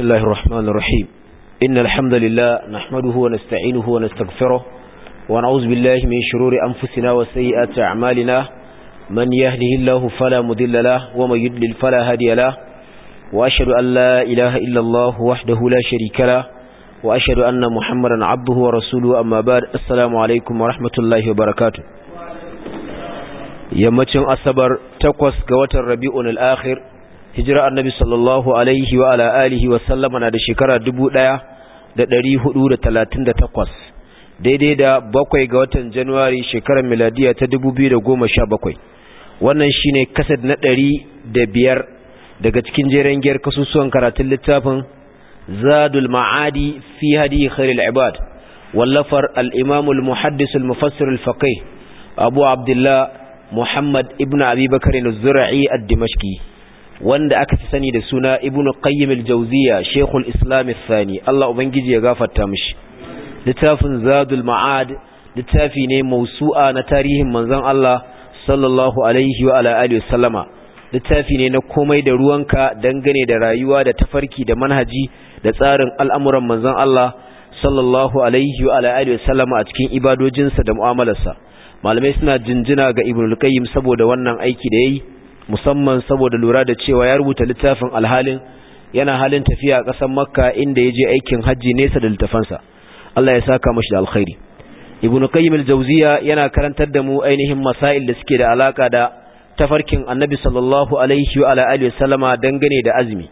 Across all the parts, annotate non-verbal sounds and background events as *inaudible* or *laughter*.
بسم الله الرحمن الرحيم إن الحمد لله نحمده ونستعينه ونستغفره ونعوذ بالله من شرور أنفسنا وسيئات أعمالنا من يهده الله فلا مذل له ومن يدلل فلا هادي له وأشهد أن لا إله إلا الله وحده لا شريك له وأشهد أن محمدا عبده ورسوله أما بعد السلام عليكم ورحمة الله وبركاته yammacin asabar takwas ga watan rabi'un al'akhir hijira annabi sallallahu alaihi wa ala alihi wa sallama na da shekara takwas daidai da bakwai ga watan januwari shekarar miladiya ta bakwai. wannan shine kasad na ɗari da biyar daga cikin jeren giyar kasusuwan karatun littafin zadul ma'adi fi hadi khairul ibad wallafar al-imam al-muhaddis al-mufassir al-faqih abu abdullah muhammad ibnu abi bakr az-zur'i ad-dimashqi wanda aka fi sani da suna ibn qayyim al-jawziya shaykhul islam al-thani Allah ubangiji ya gafarta mishi littafin zadul ma'ad littafi ne mausu'a na tarihin manzon Allah sallallahu alaihi wa ala alihi wasallama littafi ne na komai da ruwanka dangane da rayuwa da tafarki da manhaji da tsarin al'amuran manzon Allah sallallahu alaihi wa ala alihi wasallama a cikin ibadojinsa da mu'amalarsa malamai suna jinjina ga ibn al-qayyim saboda wannan aiki da yayi musamman saboda lura da cewa ya rubuta littafin alhalin yana halin tafiya a ƙasar makka inda ya je aikin hajji nesa da littafansa Allah ya saka mashi da alkhairi ibnu qayyim al-jawziya yana karantar da mu ainihin masail da suke da alaka da tafarkin annabi sallallahu alaihi wa alihi wasallama dangane da azumi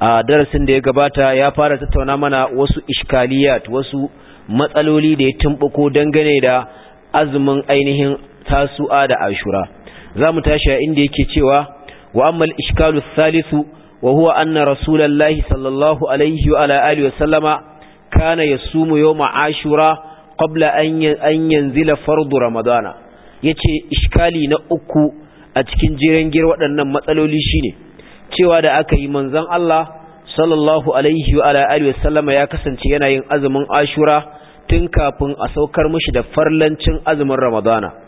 a darasin da ya gabata ya fara tattauna mana wasu iskaliyat wasu matsaloli da ya tumbuko dangane da azumin ainihin tasu'a da ashura za mu tashi a inda yake cewa wa al ishkalu thalithu wa huwa anna rasulullahi sallallahu alaihi wa ala alihi wa sallama kana yasumu yawma ashura qabla an yanzila fardu ramadana yace Ishkali na uku a cikin jiran gir waɗannan matsaloli shine cewa da aka yi manzon Allah sallallahu alaihi wa ala alihi wa sallama ya kasance yana yin azumin ashura tun kafin a saukar mishi da farlancin azumin ramadana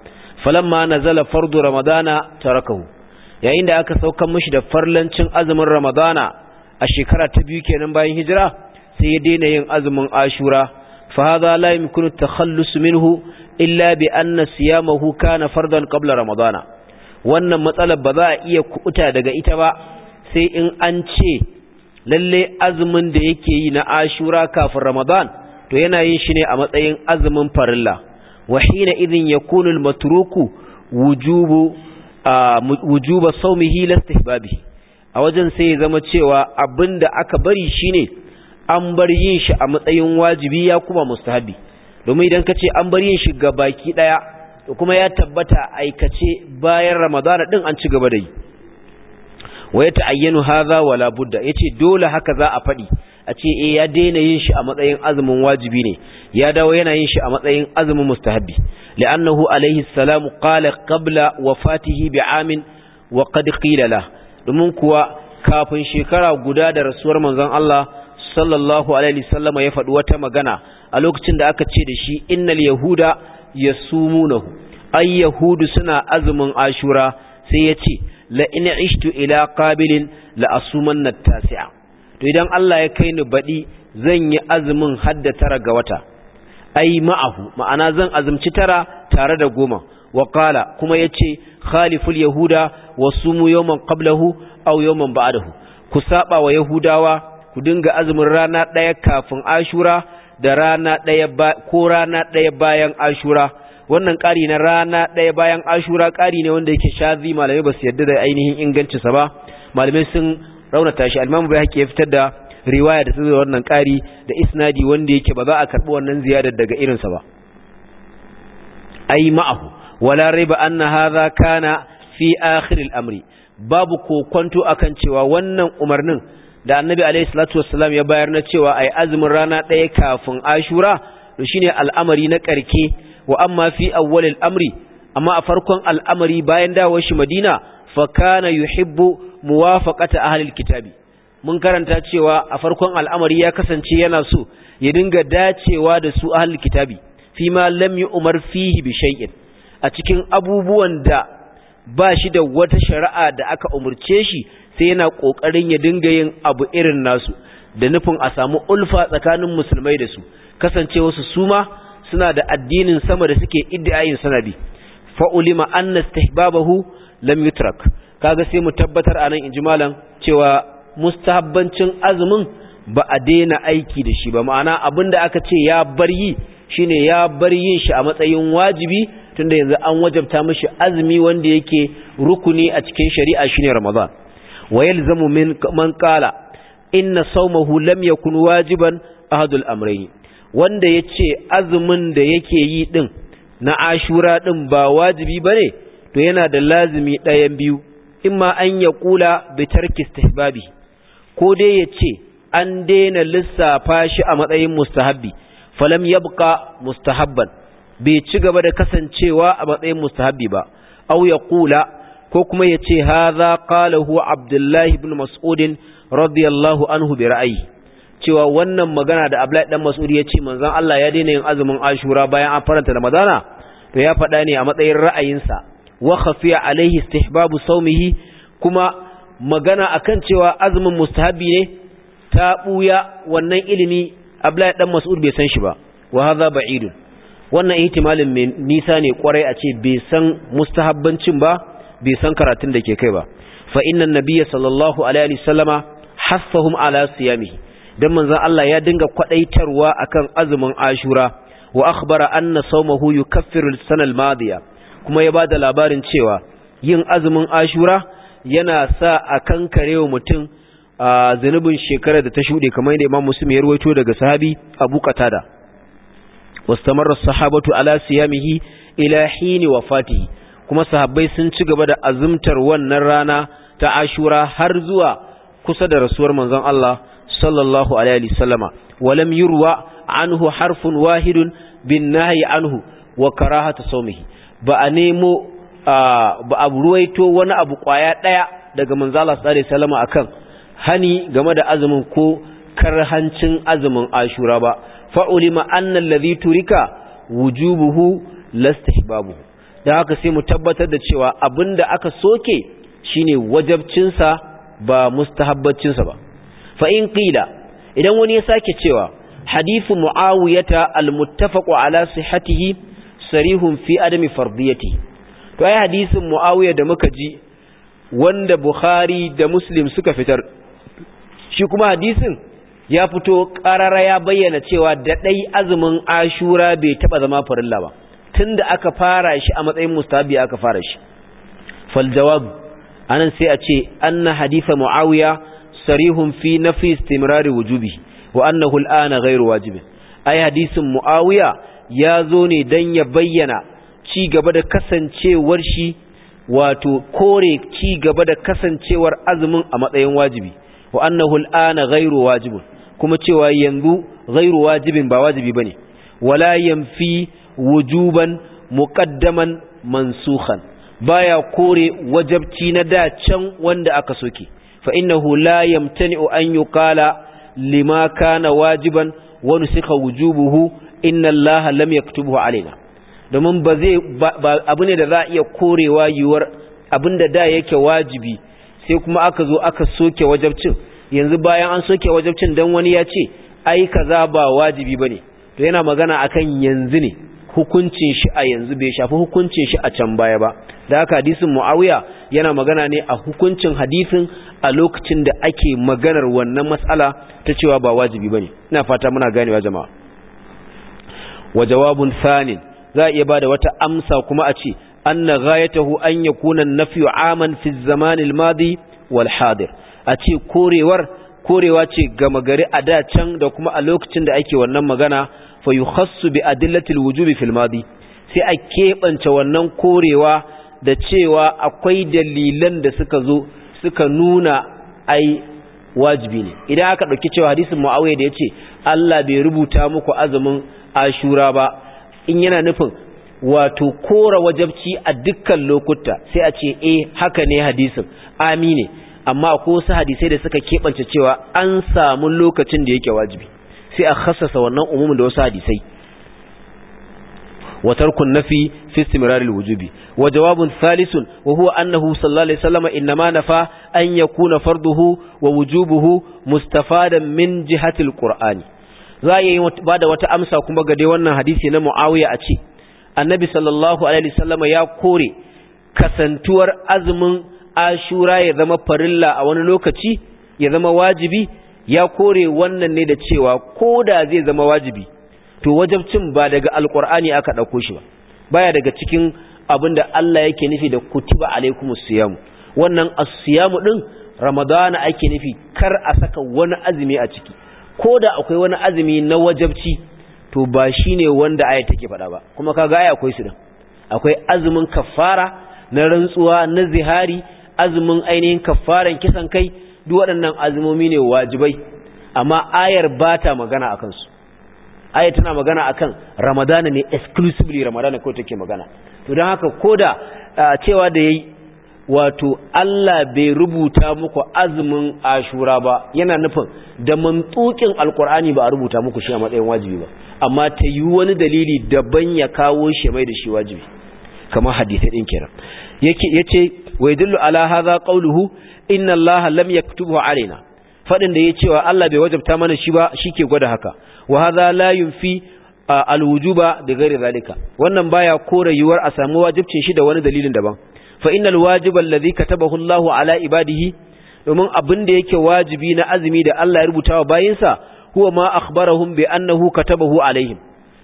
falamma nazala fardu ramadana tarakahu yayin da aka sauka mishi da farlancin azumin ramadana a shekara ta biyu kenan bayan hijira sai ya daina yin azumin ashura fa hadha la yumkinu takhallus minhu illa bi anna siyamahu kana fardan qabla ramadana wannan matsalar ba za a iya kuɓuta daga ita ba sai in an ce lalle azumin da yake yi na ashura kafin ramadan to yana yin shi ne a matsayin azumin farilla wa hina idhin ya al-matruku wujuba sawmihi la istihbabi a wajen sai ya zama cewa abinda aka bari shine an bar yin shi a matsayin wajibi ya kuma mustahabi domin idan ka ce an bar yin shi ga baki daya kuma ya tabbata aikace bayan ramadana din an ci gaba da yi wa ya ta'ayyanu hadha wala budda yace dole haka za a faɗi. a ce eh ya daina yin shi a matsayin azumin wajibi ne ya dawo yana yin shi a matsayin azumin mustahabbi li'annahu alaihi salamu qala qabla wafatihi bi'amin wa qad qila la domin kuwa kafin shekara guda da rasuwar manzon Allah sallallahu alaihi wasallama ya faɗi wata magana a lokacin da aka ce da shi innal yahuda yasumunahu ay yahudu suna azumin ashura sai ya ce la in ishtu ila qabilin la asumanna tasi'a to idan Allah ya kai ni baɗi zan yi azumin hadda tara ga wata ai ma'ahu ma'ana zan azumci tara tare da goma wa qala kuma yace khaliful yahuda wasumu yawman qablahu aw yawman ba'dahu ku saba wa yahudawa ku dinga azumin rana daya kafin ashura da rana daya ko rana daya bayan ashura wannan ƙari na rana daya bayan ashura ƙari ne wanda yake shazi malamai ba su yarda da ainihin ingancinsa ba malamai sun raunata shi al-Imam Bayhaqi ya fitar da riwaya da ta zo wannan ƙari da isnadi wanda yake ba za a karɓi wannan ziyarar daga irinsa ba ai ma'ahu wala riba anna hadha kana fi akhir al-amri babu kokonto akan cewa wannan umarnin da annabi alayhi salatu wassalam ya bayar na cewa ai azumin rana ɗaya kafin ashura to shine al'amari na karke wa amma fi awwal al-amri amma a farkon al'amari bayan dawo shi madina fa kana yuhibbu muwafaqata ahlil kitabi mun karanta cewa a farkon al'amari ya kasance yana so ya dinga dacewa da su ahlil kitabi fi ma lam yu'mar fihi bi shay'in a cikin abubuwan da ba shi da wata shari'a da aka umurce shi sai yana kokarin ya dinga yin abu irin nasu da nufin a samu ulfa tsakanin musulmai da su kasancewa su suma suna da addinin sama da suke iddiayin sanabi fa ulima anna istihbabahu lam yutrak kaga sai mu tabbatar anan inji malam cewa mustahabbancin azumin ba a daina aiki da shi ba ma'ana abinda aka ce ya bar yi shine ya bar yin shi a matsayin wajibi tunda yanzu an wajabta mishi azumi wanda yake rukuni a cikin shari'a shine ramadan wa yalzamu min man qala inna sawmahu lam yakun wajiban ahadul amrayn wanda yace azumin da yake yi din na ashura ɗin ba wajibi ba ne to yana da lazimi ɗayan biyu in ma an ya ƙula bitar kistihbabi ko dai ya ce an daina lissafa shi a matsayin mustahabbi falam yabqa mustahabban bai ci gaba da kasancewa a matsayin mustahabbi ba aw ya ƙula ko kuma ya ce haza qalahu huwa abdullahi ibn mas'udin radiyallahu anhu bi ra'ayi cewa wannan magana da Abdullahi dan Mas'ud ya ce manzon Allah ya daina yin azumin Ashura bayan an faranta Ramadana to ya faɗa ne a matsayin ra'ayinsa wa khafiya alaihi istihbabu sawmihi kuma magana akan cewa azumin mustahabi ne ta buya wannan ilimi Abdullahi dan Mas'ud bai san shi ba wa hadha ba'idun wannan ihtimalin mai nisa ne kwarai a ce bai san mustahabbancin ba bai san karatun da ke kai ba fa inna nabiyya sallallahu alaihi wasallama haffahum ala siyamihi dan manzon Allah ya dinga kwadaitarwa akan azumin Ashura wa akhbara anna sawmahu yukaffiru al-sanal madiya kuma ya bada labarin cewa yin azumin Ashura yana sa a kankarewa mutum a zanubin shekarar da ta shuɗe kamar yadda Imam Muslim ya ruwaito daga sahabi Abu Qatada wastamarra sahabatu ala siyamihi ila hini wafatihi kuma sahabbai sun ci gaba da azumtar wannan rana ta Ashura har zuwa kusa da rasuwar manzon Allah sallallahu alaihi wasallama walam yurwa anhu harfun wahidun bin nahyi anhu wa karahatu sawmihi ba a nemo ba a ruwaito wani abu kwaya daya daga manzo Allah sallallahu alaihi wasallama akan hani game da azumin ko karhancin azumin Ashura ba fa'ulima anna allazi turika wujubuhu lastihbabuhu dan haka sai mu tabbatar da cewa da aka soke shine wajabcinsa ba mustahabbacinsa ba fa in qila idan wani ya sake cewa hadithu muawiyata almuttafaqu ala sihhatihi sarihun fi adami fardiyati to ai hadisin muawiya da muka ji wanda bukhari da muslim suka fitar shi kuma hadisin ya fito karara ya bayyana cewa da dai azumin ashura bai taba zama farilla ba tunda aka fara shi a matsayin mustabi aka fara shi fal jawab anan sai a ce anna hadithu muawiya sarihun fi fi istimrari wujubi wa annahu al'ana ghairu wajibin ai hadisin muawiya ya zo ne dan ya bayyana ci gaba da kasancewar shi wato kore ci gaba da kasancewar azumin a matsayin wajibi wa annahu al'ana ghairu wajibin kuma cewa yanzu ghairu wajibin ba wajibi bane wala yanfi wujuban muqaddaman mansukhan baya kore wajabci na da can wanda aka soke fa innahu la yamtani an yuqala lima kana wajiban wa nusikha wujubuhu inna allaha lam alaina domin ba zai abu ne da za iya korewa yiwuwar abinda da yake wajibi sai kuma aka zo aka soke wajabcin yanzu bayan an soke wajabcin dan wani ya ce ai kaza ba wajibi bane to yana magana akan yanzu ne hukuncin shi a yanzu bai shafi hukuncin shi a can baya ba da haka hadisin muawiya yana magana ne a hukuncin hadisin a lokacin da ake maganar wannan matsala ta cewa ba wajibi bane ina fata muna ganewa jama'a wa jawabun thani za a iya bada wata amsa kuma a ce anna ghayatuhu an yakuna nafyu 'aman fi az-zaman madi wal hadir a ce korewar korewa ce gama gari a da can da kuma a lokacin da ake wannan magana fa yukhassu bi adillatil wujubi fil madi sai a keɓance wannan korewa da cewa akwai dalilan da suka zo suka nuna ai wajibi ne idan aka ɗauki cewa hadisin mu'awiyah da ya ce Allah bai rubuta muku azumin ashura ba in yana nufin wato kora wajabci a dukkan lokuta sai a ce eh haka ne hadisin amine amma akwai wasu hadisai da suka keɓance cewa an samu lokacin da yake wajibi sai a khassasa wannan umumin da wasu hadisai وترك النفي في استمرار الوجوب وجواب ثالث وهو أنه صلى الله عليه وسلم إنما نفى أن يكون فرضه ووجوبه مستفادا من جهة القرآن رأي بعد وتأمسى كما قد يوانا حديثنا معاوية أتي النبي صلى الله عليه وسلم يا كوري kasantuwar azumin ashura ya zama farilla a wani lokaci ya zama wajibi ya kore wannan ne da cewa ko da zai zama wajibi to wajabcin ba daga alkur'ani aka ɗauko shi ba baya daga cikin abinda Allah yake nufi da kutiba alaikumus siyam wannan as din ramadana ake nufi kar a saka wani azumi a ciki ko da akwai wani azumi na wajabci to ba shine wanda aya take faɗa ba kuma kaga aya akwai su din akwai azumin kaffara na rantsuwa na zihari azumin ainihin kaffaran kisan kai duk waɗannan azumomi ne wajibai amma ayar bata magana akan su aya tana magana akan ramadana ne exclusively ramadana ko take magana to don haka koda cewa da yayi wato Allah bai rubuta muku azumin ashura ba yana nufin da mantukin alkur'ani ba a rubuta muku shi a matsayin wajibi ba amma ta yi wani dalili daban ya kawo shi mai da shi wajibi kamar hadisi din kenan yake yace wa yadullu ala hadha qawluhu inna allaha lam yaktubu alaina fadin da ya cewa Allah bai wajabta mana shi ba shike gwada haka wa hadha la a alwujuba da ghairi zalika wannan baya kore rayuwar a samu wajibcin shi da wani dalilin daban fa innal wajiba ka katabahu Allahu ala ibadihi domin abin da yake wajibi na azumi da Allah ya rubuta wa bayinsa huwa ma akhbarahum bi annahu katabahu alaihim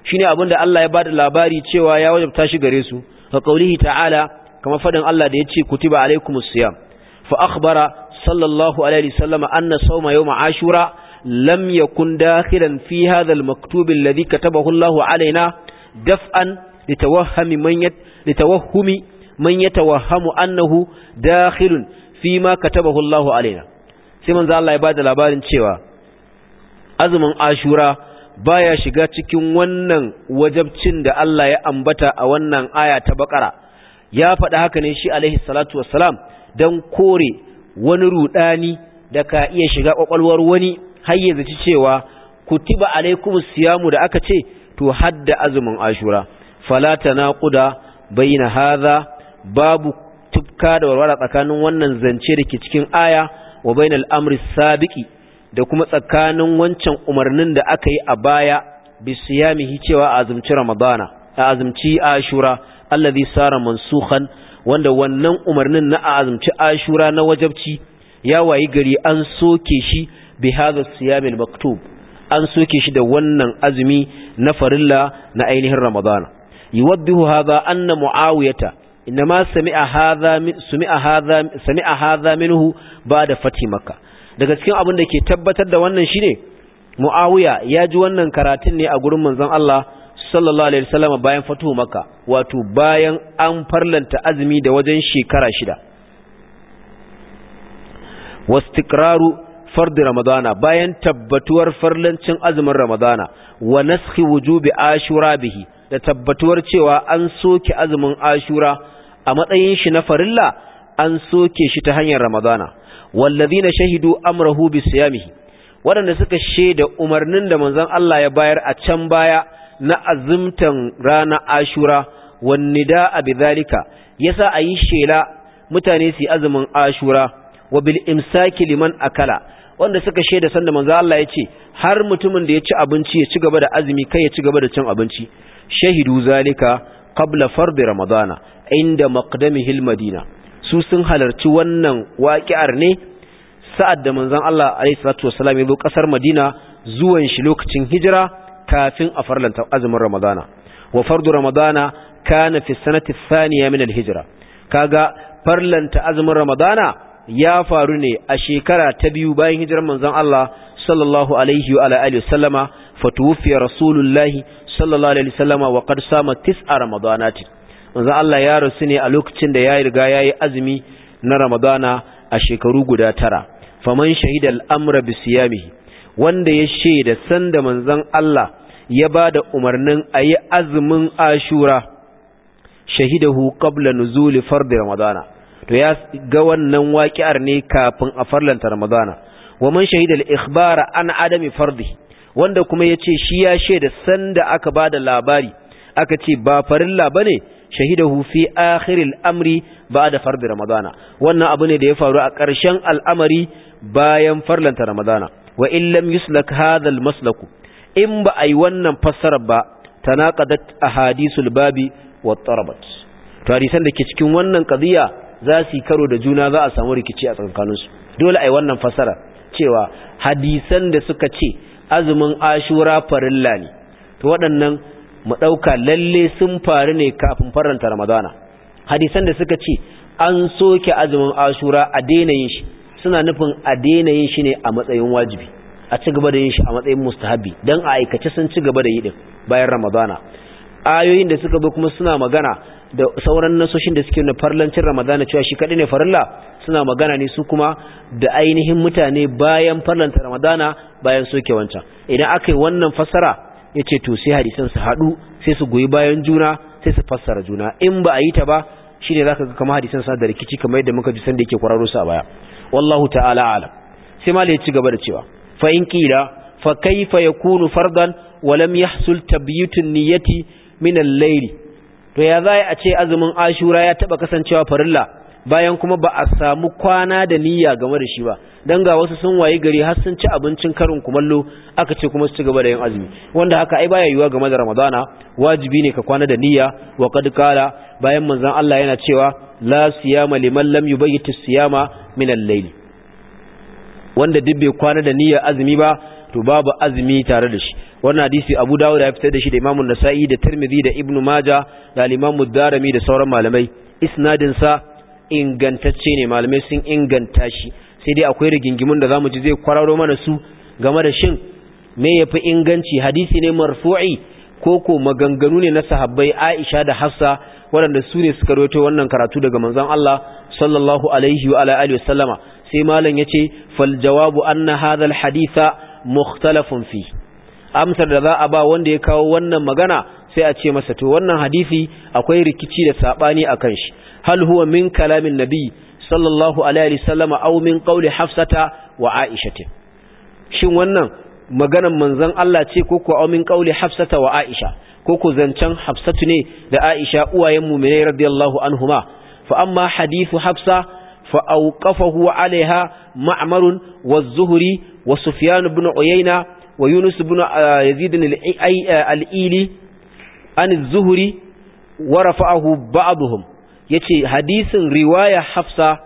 shine abin da Allah ya bada labari cewa ya wajabta shi gare su fa qawlihi ta'ala kama fadin Allah da yace kutiba alaikumus siyam fa akhbara sallallahu alaihi wasallam anna sawma yawm ashura lam yakun dakhilan fi hadha al-maktub alladhi katabahu Allah alaina daf'an litawahhami man yat litawahhumi man yatawahhamu annahu dakhilun fi ma katabahu Allah alaina sai manzo Allah ya bada labarin cewa azumin Ashura baya shiga cikin wannan wajabcin da Allah ya ambata a wannan aya ta Bakara ya faɗa haka ne shi alaihi salatu wassalam dan kore wani rudani da ka iya shiga kwakwalwar wani har ya zaci cewa kutiba alaikum siyamu da aka ce to hadda azumin ashura fala tanaquda baina hadha babu tufka da warwara tsakanin wannan zance dake cikin aya wa bainal amri sabiqi da kuma tsakanin wancan umarnin da aka yi a baya bi siyamihi cewa azumci ramadana a azumci ashura allazi sara mansukhan wanda wannan umarnin na azumci ashura na wajabci ya wayi gari an soke shi bi hadha siyam al-maktub an soke shi da wannan azumi na farilla na ainihin ramadana yuwaddihu hadha anna muawiyata inma sami'a hadha sami'a hadha sami'a hadha minhu ba'da fathi makkah daga cikin abin da ke tabbatar da wannan shine muawiya ya ji wannan karatun ne a gurin manzon Allah sallallahu alaihi wasallam bayan fatuhu makka wato bayan an farlanta azumi da wajen shekara shida wastiqraru fardi ramadana bayan tabbatuwar farlancin azumin ramadana wa naskhi wujubi ashura bihi da tabbatuwar cewa an soke azumin ashura a matsayin shi na farilla an soke shi ta hanyar ramadana wallazina shahidu amrahu bisiyamihi waɗanda suka shaida umarnin da manzon Allah ya bayar a can baya na azumtan rana ashura wan nidaa bidhalika yasa ayi shela mutane su azumin ashura wa bil imsaki liman akala wanda suka shaida sanda manzo Allah ya ce har mutumin da ya ci abinci ya ci gaba da azumi kai ya ci gaba da cin abinci shahidu zalika qabla fard ramadana inda maqdamihi almadina su sun halarci wannan waƙi'ar ne sa'ad da manzon Allah alaihi salatu wassalam ya zo kasar Madina zuwan shi lokacin hijira kafin a farlanta azumin ramadana wa fard ramadana kana fi sanati thaniya min alhijra kaga farlanta azumin ramadana ya faru ne a shekara ta biyu bayan hijirar manzon Allah sallallahu alaihi wa alihi wasallama fatuwfiya rasulullahi sallallahu alaihi wasallama wa qad sama tis'a ramadanati manzon Allah ya rasu ne a lokacin da ya riga ya yi azumi na ramadana a shekaru guda tara faman shahidal amra bi siyamihi wanda ya shaida sanda manzon Allah ya bada umarnin ayi azumin ashura shahidahu qabla nuzuli da ramadana to ya ga wannan waƙi'ar ne kafin a farlanta ramadana wa man shahida al-ikhbara an adami fardi wanda kuma yace shi ya shaida sanda aka bada labari aka ce ba farilla bane shahidahu fi akhiril amri ba'da fardi ramadana wannan abu ne da ya faru a ƙarshen al'amari bayan farlanta ramadana wa in lam yuslak hadha al-maslaku in ba ai wannan fassarar ba tanaqadat ahadithul babi wa tarabat to hadisan da ke cikin wannan qadiya za su karo da juna za a samu rikici a tsakaninsu dole a yi wannan fasara cewa hadisan da suka ce azumin ashura farilla ne to waɗannan mu ɗauka lalle sun faru ne kafin faranta ramadana hadisan da suka ce an soke azumin ashura a daina yin shi suna nufin a daina yin shi ne a matsayin wajibi a ci gaba da yin shi a matsayin mustahabi don a aikace sun ci gaba da yi din bayan ramadana ayoyin da suka bi kuma suna magana da sauran nasoshin da suke na farlancin ramadana cewa shi kaɗai ne farilla suna magana ne su kuma da ainihin mutane bayan farlanta ramadana bayan soke wancan idan aka yi wannan fassara ya ce to sai hadisan su haɗu sai su goyi bayan juna sai su fassara juna in ba a yi ta ba shi ne za ka ga kama hadisan sa da rikici kamar yadda muka ji sanda yake kwararo su a baya wallahu ta'ala alam sai malai ya ci gaba da cewa fa in kila fa kaifa yakunu fardan wa lam yahsul tabyitun niyyati min al-layli to ya za a ce azumin ashura ya taba kasancewa farilla bayan kuma ba a samu kwana da niyya game da shi ba don ga wasu sun wayi gari har sun ci abincin karin kumallo aka ce kuma su ci gaba da yin azumi wanda haka ai baya yiwuwa game da ramadana wajibi ne ka kwana da niyya wa kad kala bayan manzon Allah yana cewa la siyama liman lam yubayyit siyama min al-layl wanda duk bai kwana da niyya azumi ba to babu azumi tare da shi wannan hadisi Abu Dawud ya fitar da shi da Imam Nasa'i da Tirmidhi da Ibn Majah da Imam Darimi da sauran malamai isnadin sa ingantacce ne malamai sun inganta shi sai dai akwai rigingimun da zamu ji zai kwararo mana su game da shin me yafi inganci hadisi ne marfu'i ko ko maganganu ne na sahabbai Aisha da Hafsa waɗanda su ne suka rawaito wannan karatu daga manzon Allah sallallahu alaihi wa ala alihi wasallama sai malam yace fal jawabu anna hadha al haditha mukhtalafun amsar da za a ba wanda ya kawo wannan magana sai a ce masa to wannan hadisi akwai rikici da sabani akan shi hal huwa min kalamin nabi sallallahu alaihi wasallam aw min qawli hafsata wa aishati shin wannan maganan manzon Allah ce ko ko aw min qawli hafsata wa aisha ko ko zancen hafsatu ne da aisha uwayen mu'minai radiyallahu anhuma fa amma hadithu hafsa fa awqafahu alaiha ma'mar wa az-zuhri wa sufyan ibn uyayna wa بن يزيد الإيلي عن الزهري an zuhri wa حديث رواية yace hadisin riwaya hafsa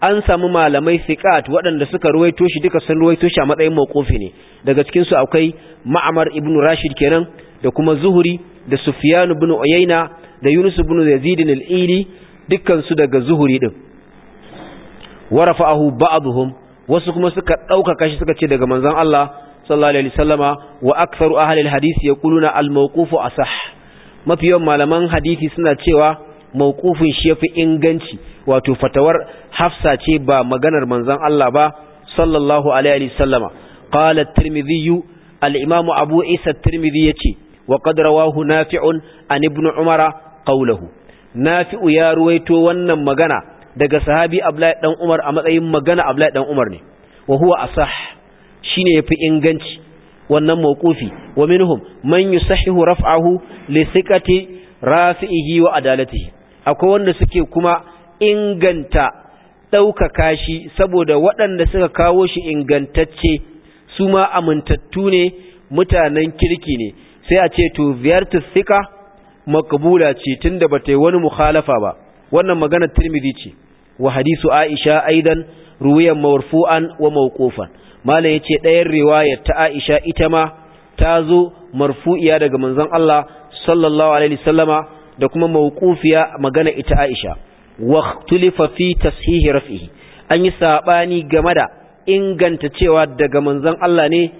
an samu malamai siqat waɗanda suka ruwaito shi duka sun ruwaito shi a matsayin mawqufi ne daga cikin su akwai ma'amar ibn rashid kenan da kuma zuhri da sufyan ibn uyayna da yunus ibn yazid al-ili dukkan su daga zuhri din wa ba'dhum wasu kuma suka dauka kashi suka ce daga manzon Allah sallallahu alaihi wasallama wa aktharu ahli alhadith yaquluna almawqufu asah mafi yawan malaman hadisi suna cewa mawqufin shi yafi inganci wato fatawar Hafsa ce ba maganar manzon Allah ba sallallahu alaihi wasallama qala at-tirmidhi al-imam abu isa at-tirmidhi yace wa qad rawahu nafi'un an ibn umara qawluhu nafi'u ya ruwaito wannan magana daga sahabi Abdullahi dan Umar a matsayin magana Abdullahi dan Umar ne wa huwa asah shine yafi inganci wannan mawqufi wa minhum man yusahihu raf'ahu li thiqati rafi'ihi wa adalatihi akwai wanda suke kuma inganta ɗaukaka shi saboda waɗanda suka kawo shi ingantacce su ma amintattu ne mutanen kirki ne sai a ce to ziyartu thika makabula ce tunda bata yi wani mukhalafa ba wannan maganar tirmidhi ce wa hadisu aisha aidan ruwayan marfu'an wa mawqufan malam ce ɗayan riwayar ta Aisha ita ma ta zo marfu'iya daga manzon Allah sallallahu alaihi sallama da kuma mawqufiya magana ita Aisha wa ikhtulifa fi tashihi raf'ihi an yi sabani game da inganta cewa daga manzon Allah ne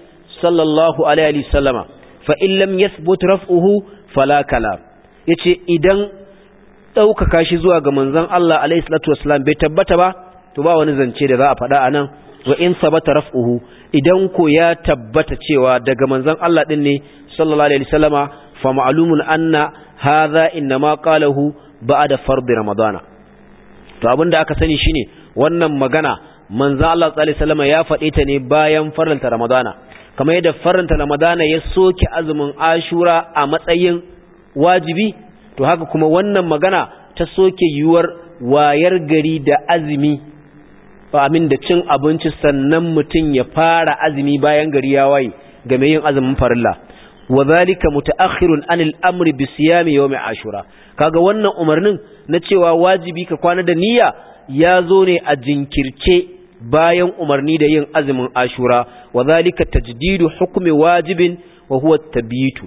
sallallahu alaihi sallama fa in lam yathbut raf'uhu fala kalam yace idan ɗaukaka shi zuwa ga manzon Allah alaihi salatu wasallam bai tabbata ba to ba wani zance da za a faɗa anan wa in sabata raf'uhu idan ko ya tabbata cewa daga manzon Allah din ne sallallahu alaihi wasallama fa ma'lumun anna hadha inma qalahu ba'da fard ramadana to abinda aka sani shine wannan magana manzon Allah sallallahu alaihi wasallama ya faɗe ta ne bayan faranta ramadana kamar yadda faranta ramadana ya soke azumin ashura a matsayin wajibi to haka kuma wannan magana ta soke yiwuwar wayar gari da azumi Fa amin da cin abinci sannan mutum ya fara azumi bayan gari ya waye game yin azumin farilla wa zalika mutaakhirun anil amri bi siyami yawm ashura kaga wannan umarnin na cewa wajibi ka kwana da niyya ya zo ne a jinkirce bayan umarni da yin azumin ashura wa zalika tajdidu hukmi wajibin wa huwa tabitu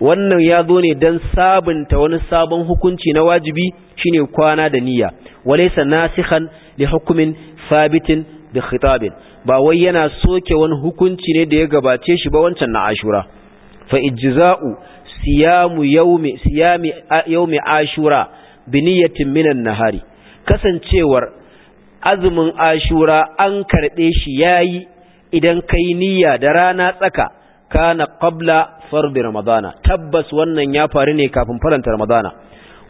wannan ya zo ne dan sabunta wani sabon hukunci na wajibi shine kwana da niyya walaysa nasikhan li hukmin sabitin bi khitabin ba wai yana soke wani hukunci ne da ya gabace shi ba wancan na ashura fa ijza'u siyamu yawmi siyami yawmi ashura bi niyyatin minan nahari kasancewar azumin ashura an karbe shi yayi idan kai niyya da rana tsaka kana qabla fardi ramadana tabbas wannan ya faru ne kafin faranta ramadana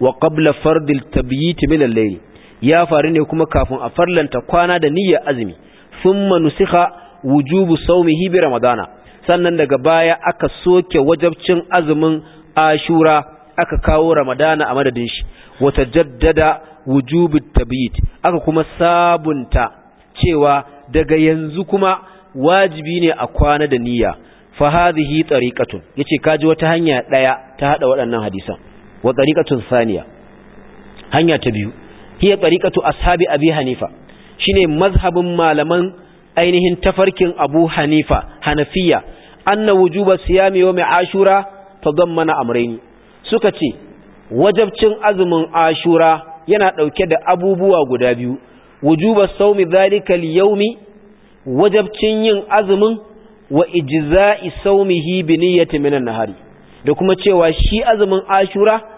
wa qabla fardil tabyit min al-layl ya faru ne kuma kafin a farlanta kwana da niyyar azumi thumma nusikha wujubu sawmihi bi ramadana sannan daga baya aka soke wajabcin azumin ashura aka kawo ramadana a madadin shi wata jaddada wujubu tabiyyid aka kuma sabunta cewa daga yanzu kuma wajibi ne a kwana da niyya fa hadhihi tariqatun yace kaji wata hanya daya ta hada waɗannan hadisan wa tariqatun saniya hanya ta biyu hiya tariqatu ashabi abi hanifa shine mazhabin malaman ainihin tafarkin abu hanifa hanafiya anna wujuba siyami yawmi ashura tadammana amrayni suka ce wajabcin azumin ashura yana dauke da abubuwa guda biyu wujuba sawmi dhalika al wajabcin yin azumin wa ijza'i sawmihi bi niyyati minan nahari da kuma cewa shi azumin ashura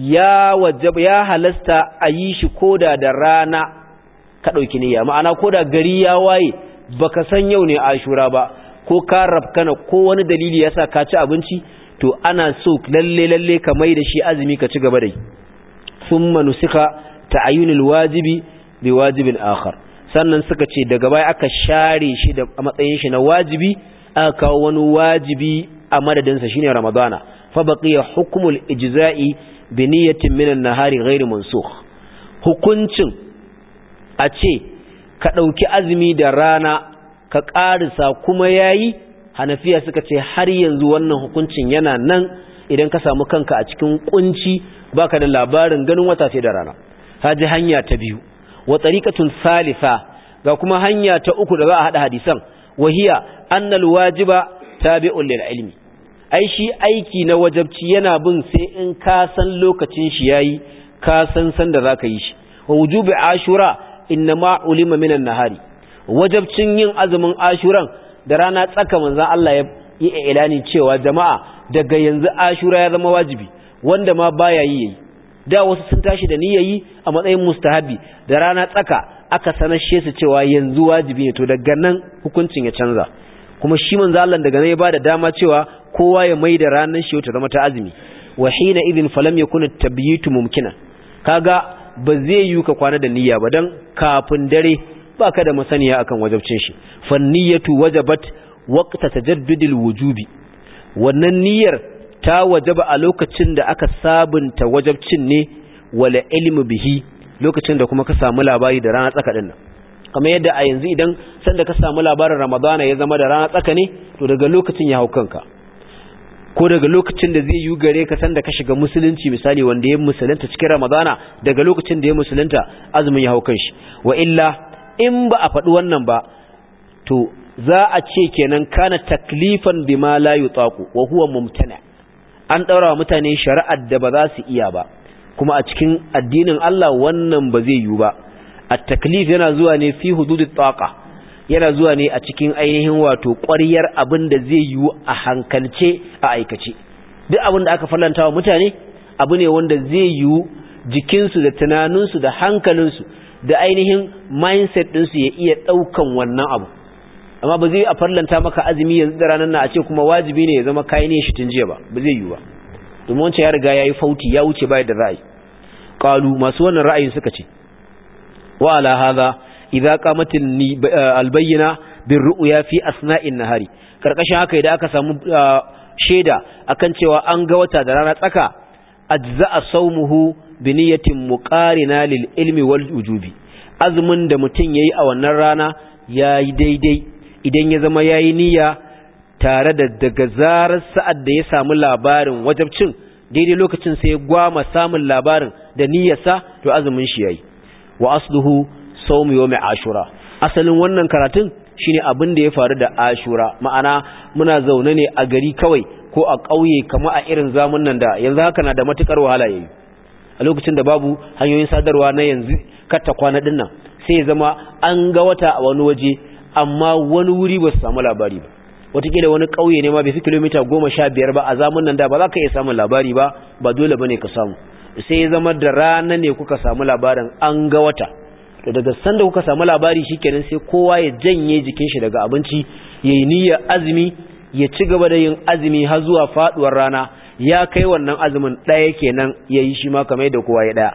ya wajaba ya halasta a yi shi koda da rana ka ɗauki niyya ma'ana koda gari ya waye baka san yau ne ashura ba ko ka rafkana ko wani dalili yasa ka ci abinci to ana so lalle lalle ka mai da shi azumi ka ci gaba da yi thumma nusika ta'ayyunul wajibi bi wajibin akhar sannan suka ce daga baya aka share shi da matsayin shi na wajibi aka kawo wani wajibi a madadinsa shine ramadana fa baqiya hukmul ijza'i bi niyyatin minan nahari ghairu mansukh hukuncin a ce ka dauki azumi da rana ka karisa kuma yayi hanafiya suka ce har yanzu wannan hukuncin yana nan idan ka samu kanka a cikin kunci baka da labarin ganin wata sai da rana haji hanya ta biyu wa tariqatun salisa ga kuma hanya ta uku da za a hada hadisan wahiya annal wajiba tabi'un lil ilmi ai shi aiki na wajabci yana bin sai in ka san lokacin shi yayi ka san san da zaka yi shi wa wujubi ashura innama ulima minan nahari wajabcin yin azumin ashuran da rana tsaka manzon Allah ya yi ilani cewa jama'a daga yanzu ashura ya zama wajibi wanda ma baya yi yayi da wasu sun tashi da niyyayi a matsayin mustahabi da rana tsaka aka sanar su cewa yanzu wajibi ne to daga nan hukuncin ya canza kuma shi manzo Allah daga nan ya bada dama cewa kowa ya mai da ranar shi ta zama ta azumi wa hina idin falam yakun at-tabyitu mumkina kaga ba zai yi ka kwana da niyya ba dan kafin dare baka da masaniya akan wajabcin shi niyyatu wajabat waqta tajaddudil wujubi wannan niyyar ta wajaba a lokacin da aka sabunta wajabcin ne wala ilmu bihi lokacin da kuma ka samu labari da ranar tsaka dinnan kamar yadda a yanzu idan sanda ka samu labarin ramadana ya zama da rana tsaka ne to daga lokacin ya hau kanka ko daga lokacin da zai yi gare ka sanda ka shiga musulunci misali wanda ya musulunta cikin ramadana daga lokacin da ya musulunta azumin ya hau kanshi wa illa in ba a faɗi wannan ba to za a ce kenan kana taklifan ma la yutaqu wa huwa mumtana an daura mutane shari'ar da ba za su iya ba kuma a cikin addinin Allah wannan ba zai yiwu ba at-taklif yana zuwa ne fi hududit taqa yana zuwa ne a cikin ainihin wato ƙwariyar abin da zai yiwu a hankalce a aikace duk abin da aka fallanta wa mutane abu ne wanda zai yiwu jikinsu da tunaninsu da hankalinsu da ainihin mindset su ya iya ɗaukan wannan abu amma ba zai a farlanta maka azumi yanzu da ranar na a ce kuma wajibi ne ya zama kayan shi tun jiya ba ba zai yiwu ba domin wancan ya riga yayi fauti ya wuce bayan da ra'ayi ƙalu masu wannan ra'ayin suka ce wa ala hadha idza qamat eh, albayyina birru'ya fi asna'in nahari karkashin haka idan aka samu eh, sheda akan cewa an ga wata da rana tsaka ajza'a sawmuhu bi niyyatin muqarina lil ilmi wal wujubi azumin da mutun yayi a wannan rana yayi daidai idan ya zama yayi niyya tare da daga zarar sa'ad da ya samu labarin wajabcin daidai lokacin sai ya gwama samun labarin da niyyarsa to azumin shi yayi wa asluhu sawm yawm ashura asalin wannan karatun shine abin da ya faru da ashura ma'ana muna zaune ne a gari kawai ko a ƙauye kamar a irin zamun nan da yanzu haka na da matukar wahala yayi a lokacin da babu hanyoyin sadarwa na yanzu katta kwana din nan sai zama an ga wata a wani waje amma wani wuri ba su samu labari ba watakila wani ƙauye ne ma bai fi kilomita goma sha biyar ba a zamun nan da ba za ka iya samun labari ba ba dole ba ne ka samu sai ya zama da rana ne kuka samu labarin an ga wata to daga sanda kuka samu labari shikenan sai kowa ya janye jikin shi daga abinci yayi niyyar azumi ya ci gaba da yin azumi har zuwa faduwar rana ya kai wannan azumin ɗaya kenan yayi shi ma kamar da kowa ya daya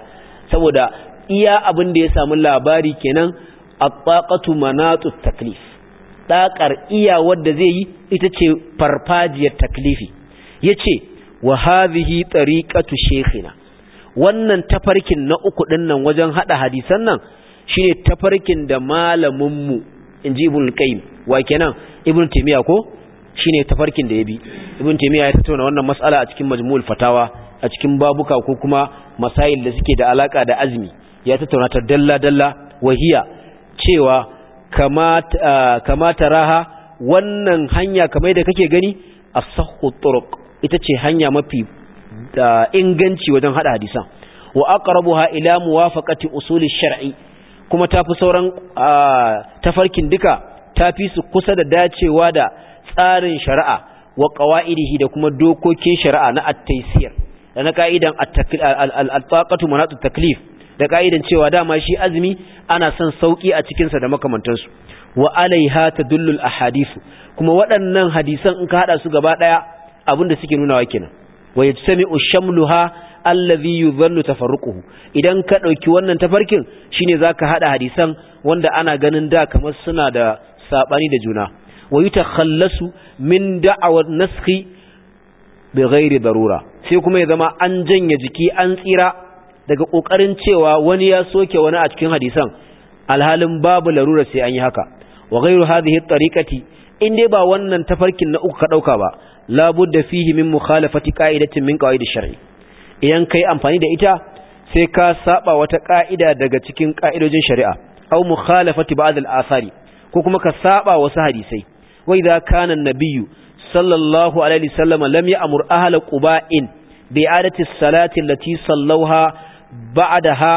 saboda iya abin da ya samu labari kenan aqaqatu manatu taklif dakar iya wanda zai yi ita ce farfajiyar taklifi yace wa hadhihi tariqatu shaykhina wannan tafarkin na uku din nan wajen hada hadisan nan shine tafarkin da malamin mu ji ibn qayyim wa kenan ibn timiya ko shine tafarkin da yabi ibn timiya ya tattauna wannan mas'ala a cikin majmu'ul fatawa a cikin babuka ko kuma masail da suke da alaka da azmi ya tattauna ta dalla dalla wahiya cewa kamata kamata raha wannan hanya kamar da kake gani as-sahhu turuq ita ce hanya mafi inganci wajen hada hadisan wa aqrabuha ila muwafaqati usuli shar'i kuma tafi sauran tafarkin duka tafi su kusa da dacewa da tsarin shari'a wa qawaidihi da kuma dokokin shari'a na at-taysir da na ka'idan at taqatu manatu taklif da ka'idan cewa dama shi azumi ana son sauki a cikin sa da makamantansu wa alaiha tadullu al-ahadith kuma waɗannan hadisan in ka hada su gaba daya abinda suke nunawa kenan wa yajtami'u shamluha allazi yuzannu tafarruquhu idan ka dauki wannan tafarkin shine zaka hada hadisan wanda ana ganin da kamar suna da sabani da juna wa yatakhallasu min da'awat naskhi bighairi darura sai kuma ya zama an janye jiki an tsira daga kokarin cewa wani ya soke wani a cikin hadisan alhalin babu larura sai an yi haka wa ghairu hadhihi at-tariqati in dai ba wannan tafarkin na uku ka dauka ba da fihi min mukhalafati qa'idatin min qawaid shar'i idan kai amfani da ita sai ka saba wata ka'ida daga cikin ka'idojin shari'a aw mukhalafati ba'd al-athari ko kuma ka saba wasu hadisai wa idza kana an-nabiyyu sallallahu alaihi wasallam lam ya'mur ahla quba'in bi'adati as-salati allati sallawha ba'daha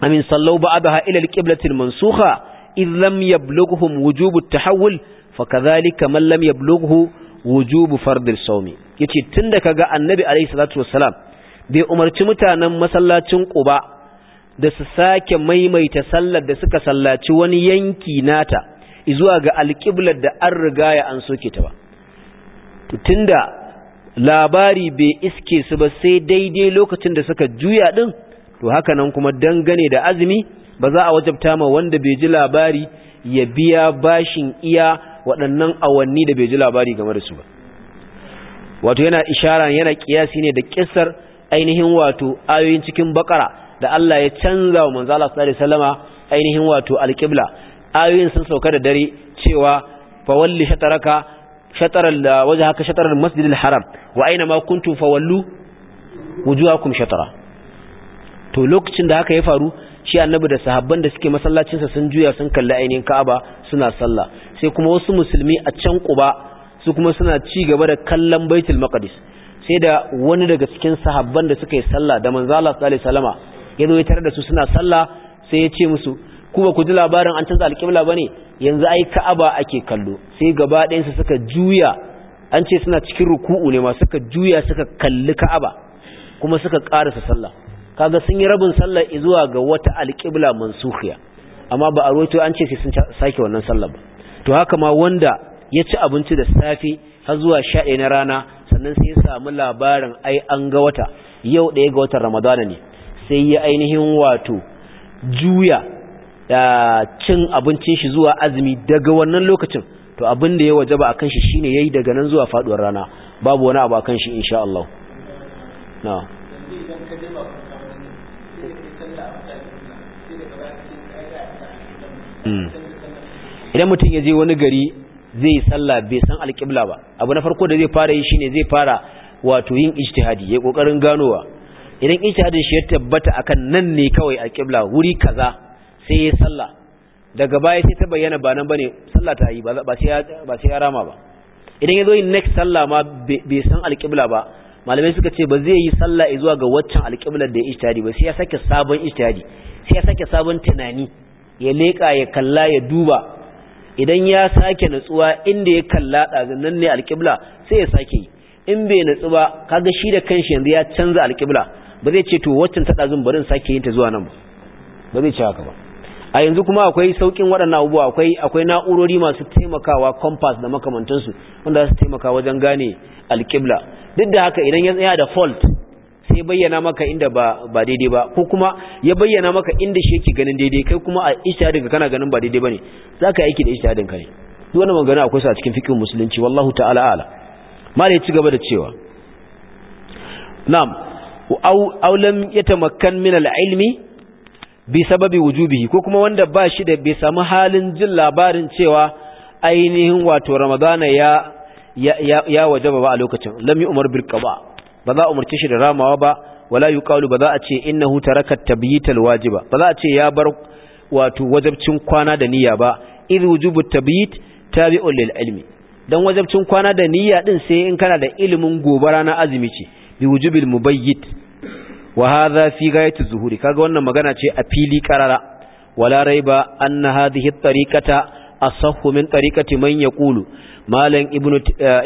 amin sallaw ba'daha ila al-qiblati mansukha in lam yablughuhum wujubu tahawul fa kadhalika man lam yablughu wujubu fardil sawmi yace tunda kaga annabi alayhi salatu wassalam bai umarci mutanen masallacin quba da su sake maimaita sallar da suka sallaci wani yanki nata zuwa ga alqiblar da an riga ya an soke ta ba tunda labari bai iske su ba sai daidai lokacin da suka juya din to haka nan kuma dangane da azumi ba za a wajabta ma wanda bai ji labari ya biya bashin iya waɗannan awanni da bai ji labari game da su ba wato yana ishara yana kiyasi ne da kissar ainihin wato ayoyin cikin bakara da Allah ya canza wa manzo Allah sallallahu alaihi wasallama ainihin wato alqibla ayoyin sun sauka da dare cewa fa walli shataraka shataral wajhaka shataral masjidil haram wa aina ma kuntum fawallu wujuhakum shatara to lokacin da haka ya faru shi annabi da sahabban da suke masallacinsa sun juya sun kalli ainihin ka'aba suna sallah sai kuma wasu musulmi a can kuba su kuma suna ci gaba da kallon baitul maqdis sai da wani daga cikin sahabban da suka yi sallah da manzo Allah sallallahu alaihi ya zo ya tare da su suna sallah sai ya ce musu ku ba ku ji labarin an canza alƙibla bane yanzu ai Ka'aba ake kallo sai gaba ɗayan suka juya an ce suna cikin ruku'u ne ma suka juya suka kalli Ka'aba kuma suka ƙarasa sallah kaga sun yi rabin sallar zuwa ga wata alƙibla mansukhiya amma ba a roto an ce sai sun sake wannan sallar ba to haka ma wanda ya ci abinci da safe har zuwa 11 na rana sannan sai ya samu labarin ai an ga wata yau ɗaya ga watan Ramadana ne sai ya ainihin wato juya cin abincin shi zuwa azumi daga wannan lokacin to abin da ya wajaba akan shi shine yayi daga nan zuwa faduwar rana babu wani abu akan shi insha Allah na'am Hmm. idan mutum ya je wani gari zai yi sallah bai san alƙibla ba abu na farko da zai fara yi shine zai fara wato yin ijtihadi ya kokarin ganowa idan ijtihadin shi ya tabbata akan nan ne kawai alƙibla wuri kaza sai ya sallah daga baya sai ta bayyana ba nan bane sallah ta yi ba sai ya rama ba idan ya zo yin next sallah ma bai san alƙibla ba malamai suka ce ba zai yi sallah zuwa ga waccan alƙiblar da ya ijtihadi ba sai ya sake sabon ijtihadi sai ya sake sabon tunani ya leƙa ya kalla ya duba idan ya sake natsuwa inda ya kalla nan ne alƙibla sai ya sake yi in bai natsu ba kaga shi da kanshi yanzu ya canza alƙibla ba zai ce to waccan ta ɗazun barin sake yin ta zuwa nan ba ba zai ce haka ba a yanzu kuma akwai sauƙin waɗannan abubuwa akwai akwai na'urori masu taimakawa compass da makamantansu wanda za su taimaka wajen gane alƙibla duk da haka idan ya tsaya da fault sai bayyana maka inda ba ba daidai ba ko kuma ya bayyana maka inda shi yake ganin daidai kai kuma a ishtihadin ka kana ganin ba daidai bane zaka aiki da ishtihadin ka ne duk wannan magana akwai sa cikin fiqh musulunci wallahu ta'ala ala mala ya ci gaba da cewa na'am aw aw lam yatamakkan min al-ilmi bi sababi wujubihi ko kuma wanda ba shi da bai samu halin jin labarin cewa ainihin wato ramadana ya ya, ya wajaba ba a lokacin lam yu'mar umar bil qada ba za a umarce shi da ramawa ba wala yuqalu ba za a ce innahu taraka tabyital wajiba ba za a ce ya bar wato wajabcin kwana da niyya ba idh wujubu tabyit tabi'un lil ilmi dan wajabcin kwana da niyya din sai in kana da ilimin gobara na azumi ce bi wujubil mubayyit wa hadha fi ghayati zuhuri kaga wannan magana ce a fili karara wala raiba anna hadhihi at-tariqata asahhu min tariqati man yaqulu malam ibnu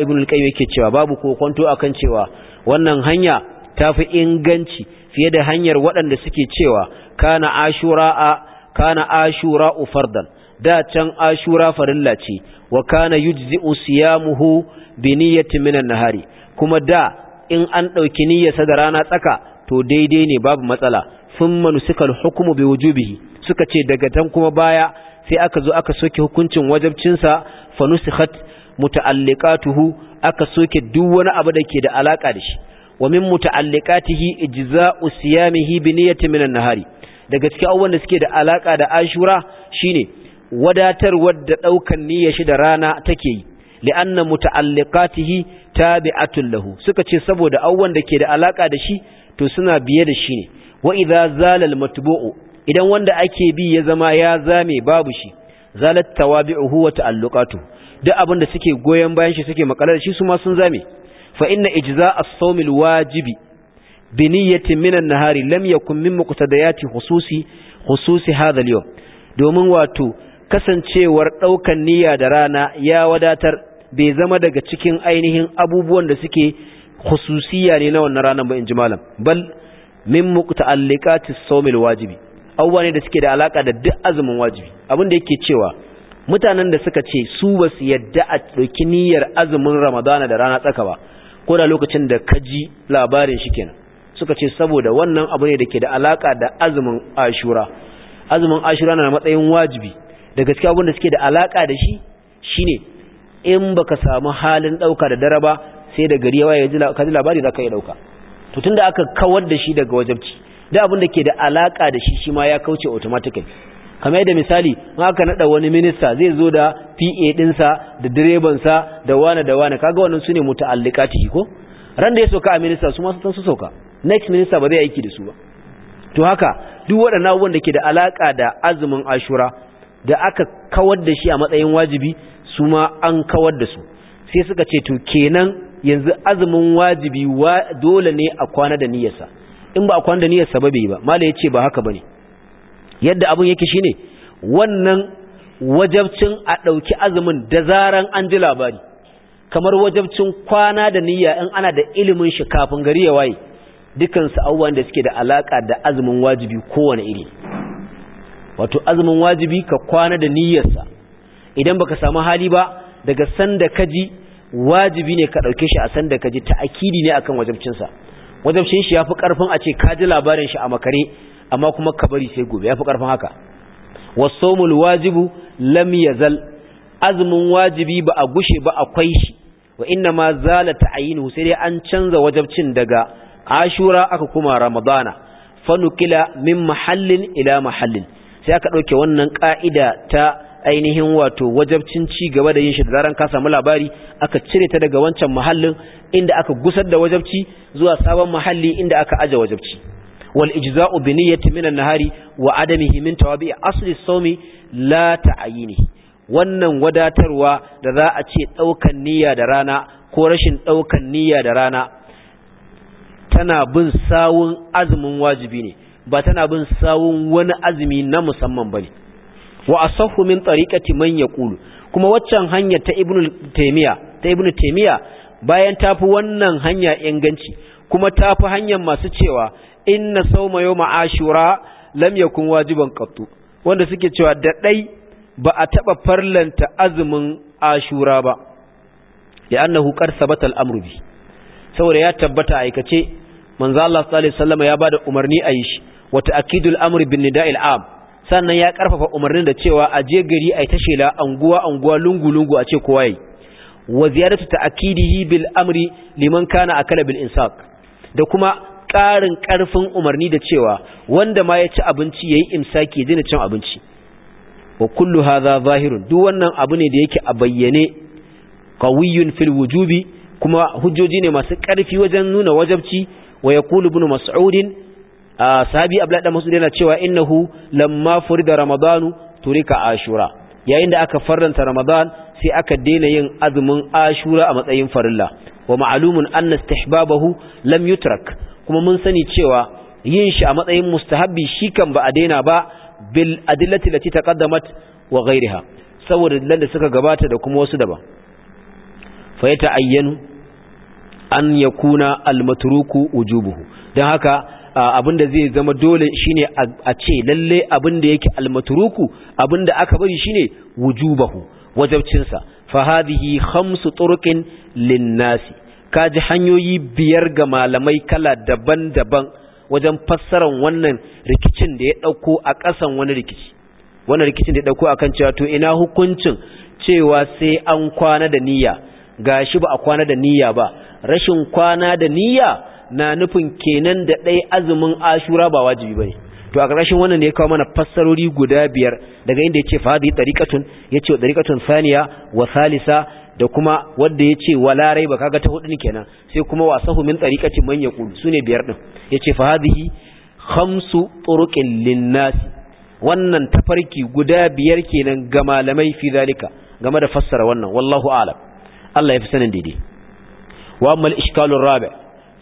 ibnu al-qayyim yake cewa babu ko kwanto akan cewa wannan hanya ta fi inganci fiye da hanyar waɗanda suke cewa kana ashura a kana ashura fardan da can ashura farilla ce wa kana yujzi usiyamuhu bi niyyati minan nahari kuma da in an dauki sa da rana tsaka to daidai ne babu matsala thumma nusikal hukumu bi wujubihi suka ce daga tan kuma baya sai aka zo aka soke hukuncin wajabcinsa fa nusikhat muta'alliqatuhu aka soke duk wani abu da ke da alaka da shi wa min muta'alliqatihi ijza'u siyamihi bi niyyati min an-nahari daga cikin abubuwan da suke da alaka da Ashura shine wadatarwar da daukan niyyar shi da rana take yi li'anna muta'alliqatihi tabi'atun lahu suka ce saboda abubuwan da ke da alaka da shi to suna biye da shi ne wa idza zala al-matbu'u idan wanda ake bi ya zama ya zame babu shi zalat tawabi'uhu wa ta'alluqatuhu duk abin da suke goyon bayan shi suke makalar shi su ma sun zame fa inna ijza as-sawm al-wajibi bi niyyati min an-nahari lam yakun min muqtadayati khususi khususi hadha al-yawm domin wato kasancewar daukan niyya da rana ya wadatar bai zama daga cikin ainihin abubuwan da suke khususiya ne na wannan ranar ba in ji malam bal min muqta'alliqati as-sawm al-wajibi awwane da suke da alaka da duk azumin wajibi abin da yake cewa mutanen da suka ce su ba su yadda a ɗauki niyyar azumin ramadana da rana tsaka ba ko da lokacin da ka ji labarin shi kenan suka ce saboda wannan abu ne da ke da alaka da azumin ashura azumin ashura na matsayin wajibi da gaskiya abin da suke da alaka da shi shine in ba ka samu halin ɗauka da dare ba sai da gari yawa ya ji labari za ka iya ɗauka to tunda aka kawar da shi daga wajabci da abin da ke da alaka da shi shi ma ya kauce automatically kamar yadda misali in aka nada wani minista zai zo da PA dinsa da direbansa da wane da wane kaga wannan sune ciki ko ran da ya soka a minista su ma san su soka next minista ba zai aiki da su ba to haka duk waɗannan abubuwan da ke da alaka da azumin Ashura da aka kawar da shi a matsayin wajibi su ma an kawar da su sai suka ce to kenan yanzu azumin wajibi dole ne a kwana da niyyarsa in ba a kwana da niyyarsa ba bai ba ya ce ba haka bane yadda abun yake shine wannan wajabcin a ɗauki azumin da zaran an ji labari kamar wajabcin kwana da niyya in ana da ilimin shi kafin gari ya waye dukansu abubuwan da suke da alaƙa da azumin wajibi kowane iri wato azumin wajibi ka kwana da niyyarsa idan baka samu hali ba daga sanda kaji wajibi ne ka ɗauke shi a sanda kaji ta'akidi ne akan wajabcinsa wajabcin shi yafi karfin a ce ka ji labarin shi a makare amma kuma ka bari sai gobe yafi karfin haka wasomul wajibu lam yazal azumin wajibi ba a gushe ba akwai shi wa inna ma zala ta'ayinu sai dai an canza wajabcin daga ashura aka kuma ramadana fanukila min mahallin ila mahallin sai aka dauke wannan ka'ida ta ainihin wato wajabcin ci gaba da yin shi da ran ka samu labari aka cire ta daga wancan mahallin inda aka gusar da wajabci zuwa sabon mahalli inda aka aje wajabci wal ijza'u من النهار وعدمه من توابع wa الصوم لا تعينه wannan wadatarwa da za a ce ɗaukan niyya da rana ko rashin ɗaukan niyya da rana tana bin sawun azumin wajibi ne ba tana bin sawun wani azumi na musamman bane wa asahhu min tariqati man yaqulu kuma waccan hanya ta ibnu taymiya ta ibnu bayan tafi wannan hanya inganci kuma tafi hanyar masu cewa inna sauma ma ashura lam yakun wajiban qattu wanda suke cewa da dai ba a taɓa farlanta azumin ashura ba ya qad sabata al-amru bi saboda ya tabbata aikace manzo Allah sallallahu alaihi wasallam ya bada umarni a yi shi wa ta'kidul amri bin nida'il am sannan ya karfafa umarnin da cewa a je gari ai ta shela anguwa anguwa lungu lungu a ce kowa yi wa ziyaratu ta'kidihi bil amri liman kana akala bil insaq da kuma ƙarin ƙarfin umarni da cewa wanda ma ya ci abinci yayi imsaki ya daina cin abinci wa kullu hadha zahirun duk wannan abu ne da yake a bayyane qawiyyun fil wujubi kuma hujjoji ne masu ƙarfi wajen nuna wajabci wa yaqulu ibn mas'ud sahabi abdullah dan mas'ud yana cewa innahu lamma furida ramadanu turika ashura yayin da aka farranta ramadan sai aka daina yin azumin ashura a matsayin farilla wa ma'lumun anna istihbabahu lam yutrak kuma mun sani cewa yin shi a matsayin mustahabbi shi kan ba a daina ba bil adillati lati taqaddamat wa ghayriha saboda dalilan da suka gabata da kuma wasu daban fa ya ta'ayyan an yakuna al matruku wujubuhu dan haka abinda zai zama dole shine a ce lalle abinda yake al matruku abinda aka bari shine wujubahu wajabcinsa fa hadhihi khamsu turqin lin nasi ka ji hanyoyi biyar ga malamai kala daban-daban wajen fassarar wannan rikicin da ya ɗauko a ƙasan wani rikici wannan rikicin da ya ɗauko akan cewa to ina hukuncin cewa sai an kwana da niyya ga shi ba a kwana da niyya ba rashin kwana da niyya na nufin kenan da ɗaya azumin ashura ba wajibi bane to a ƙarshen wannan ne ya kawo mana fassarori guda biyar daga inda ce fa hadi tariqatun yace tariqatun thaniya wa Salisa. da kuma wanda ya ce wala raiba kaga ta hudu kenan sai kuma wasahu min tariqatin man yaqul sune biyar din yace fa hadhihi khamsu turuqin linnas wannan tafarki guda biyar kenan ga malamai fi zalika game da fassara wannan wallahu a'lam Allah ya fi sanin daidai wa amma al rabi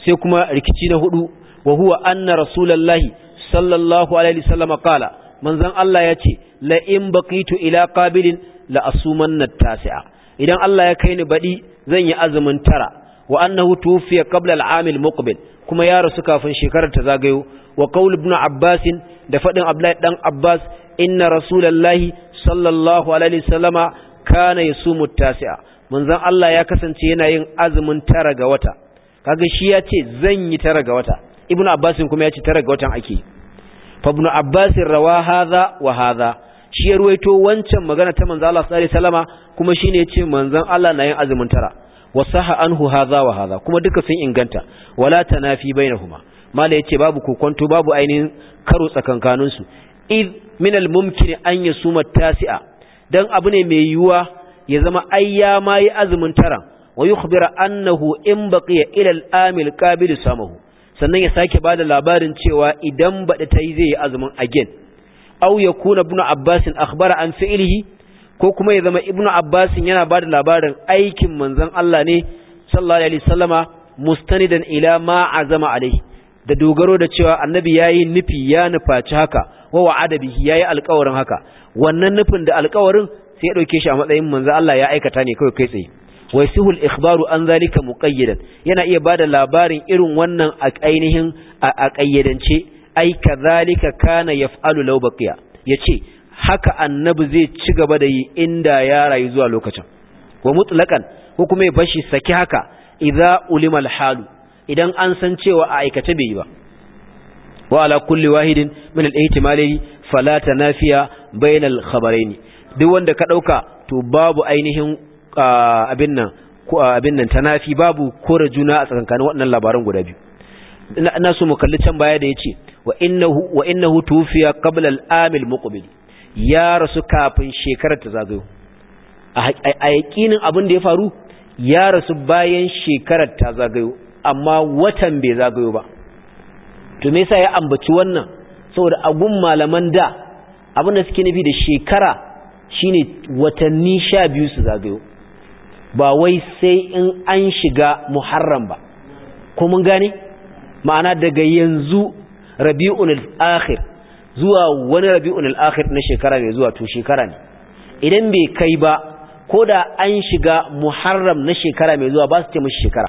sai kuma rikici na hudu wa huwa anna rasulullahi sallallahu alaihi wasallam qala manzon Allah yace la in baqitu ila qabilin la asumanna tasi'a idan Allah ya kai ni baɗi zan yi azumin tara wa annahu tufiya qabla al-amil muqbil kuma ya rasu kafin shekarar ta zagayo wa qaul ibn abbas da fadin abdullahi dan abbas inna rasulullahi sallallahu alaihi wasallama kana yasumu tasi'a manzon Allah ya kasance yana yin azumin tara ga wata kaga shi ya ce zan yi tara ga wata ibn abbas kuma ya ce tara ga watan ake fa ibn abbas rawa hadha wa hadha shi ya ruwaito wancan magana ta manzo Allah sallallahu alaihi wasallama kuma shine yace manzon Allah na yin azumin tara wasaha anhu hadha wa hadha kuma duka sun inganta wala tanafi bainahuma mala yace babu kokonto babu ainihin karo tsakankanin su id min al mumkin an yasuma tasi'a dan abu ne mai yiwuwa ya zama ayya mai yi azumin tara wa yukhbira annahu in baqiya ila al amil qabil samahu sannan ya sake bada labarin cewa idan bada tayi zai yi azumin again aw yakuna ibnu abbas akhbara an fi'lihi ko kuma ya zama ibnu abbas yana bada labarin aikin manzon Allah ne sallallahu alaihi wasallama mustanidan ila ma azama alaihi da dogaro da cewa annabi yayi nufi ya nufaci haka wa wa'ada bihi yayi alƙawarin haka wannan nufin da alƙawarin sai ya dauke shi a matsayin manzon Allah ya aikata ne kawai kai tsaye wa sihul ikhbaru an zalika muqayyidan yana iya bada labarin irin wannan a ainihin a kayyadance ai kazalika kana yaf'alu law baqiya yace haka annabi zai ci gaba da yi inda ya rayu zuwa lokacin wa mutlaqan ko kuma ya bashi saki haka idza ulima idan an san cewa a aikace bai yi ba wa ala kulli wahidin min al-ihtimali fala tanafiya bayna al duk wanda ka dauka to babu ainihin abin nan ko abin nan tanafi babu kore juna a tsakankanin waɗannan labaran guda biyu ina so mu kalli can baya da yace wa innahu wa innahu tufiya qabla al ya rasu kafin shekarar ta zagayo a yakinin abin da ya faru ya rasu bayan shekarar ta zagayo amma watan bai zagayo ba to me yasa ya ambaci wannan saboda agun malaman da abin da suke nufi da shekara shine watanni 12 su zagayo ba wai sai in an shiga muharram ba ko mun gane ma'ana daga yanzu rabi'un al-akhir zuwa wani rabi'un al-akhir na shekara mai zuwa to shekara ne idan bai kai ba ko da an shiga muharram na shekara mai zuwa ba su ce mishi shekara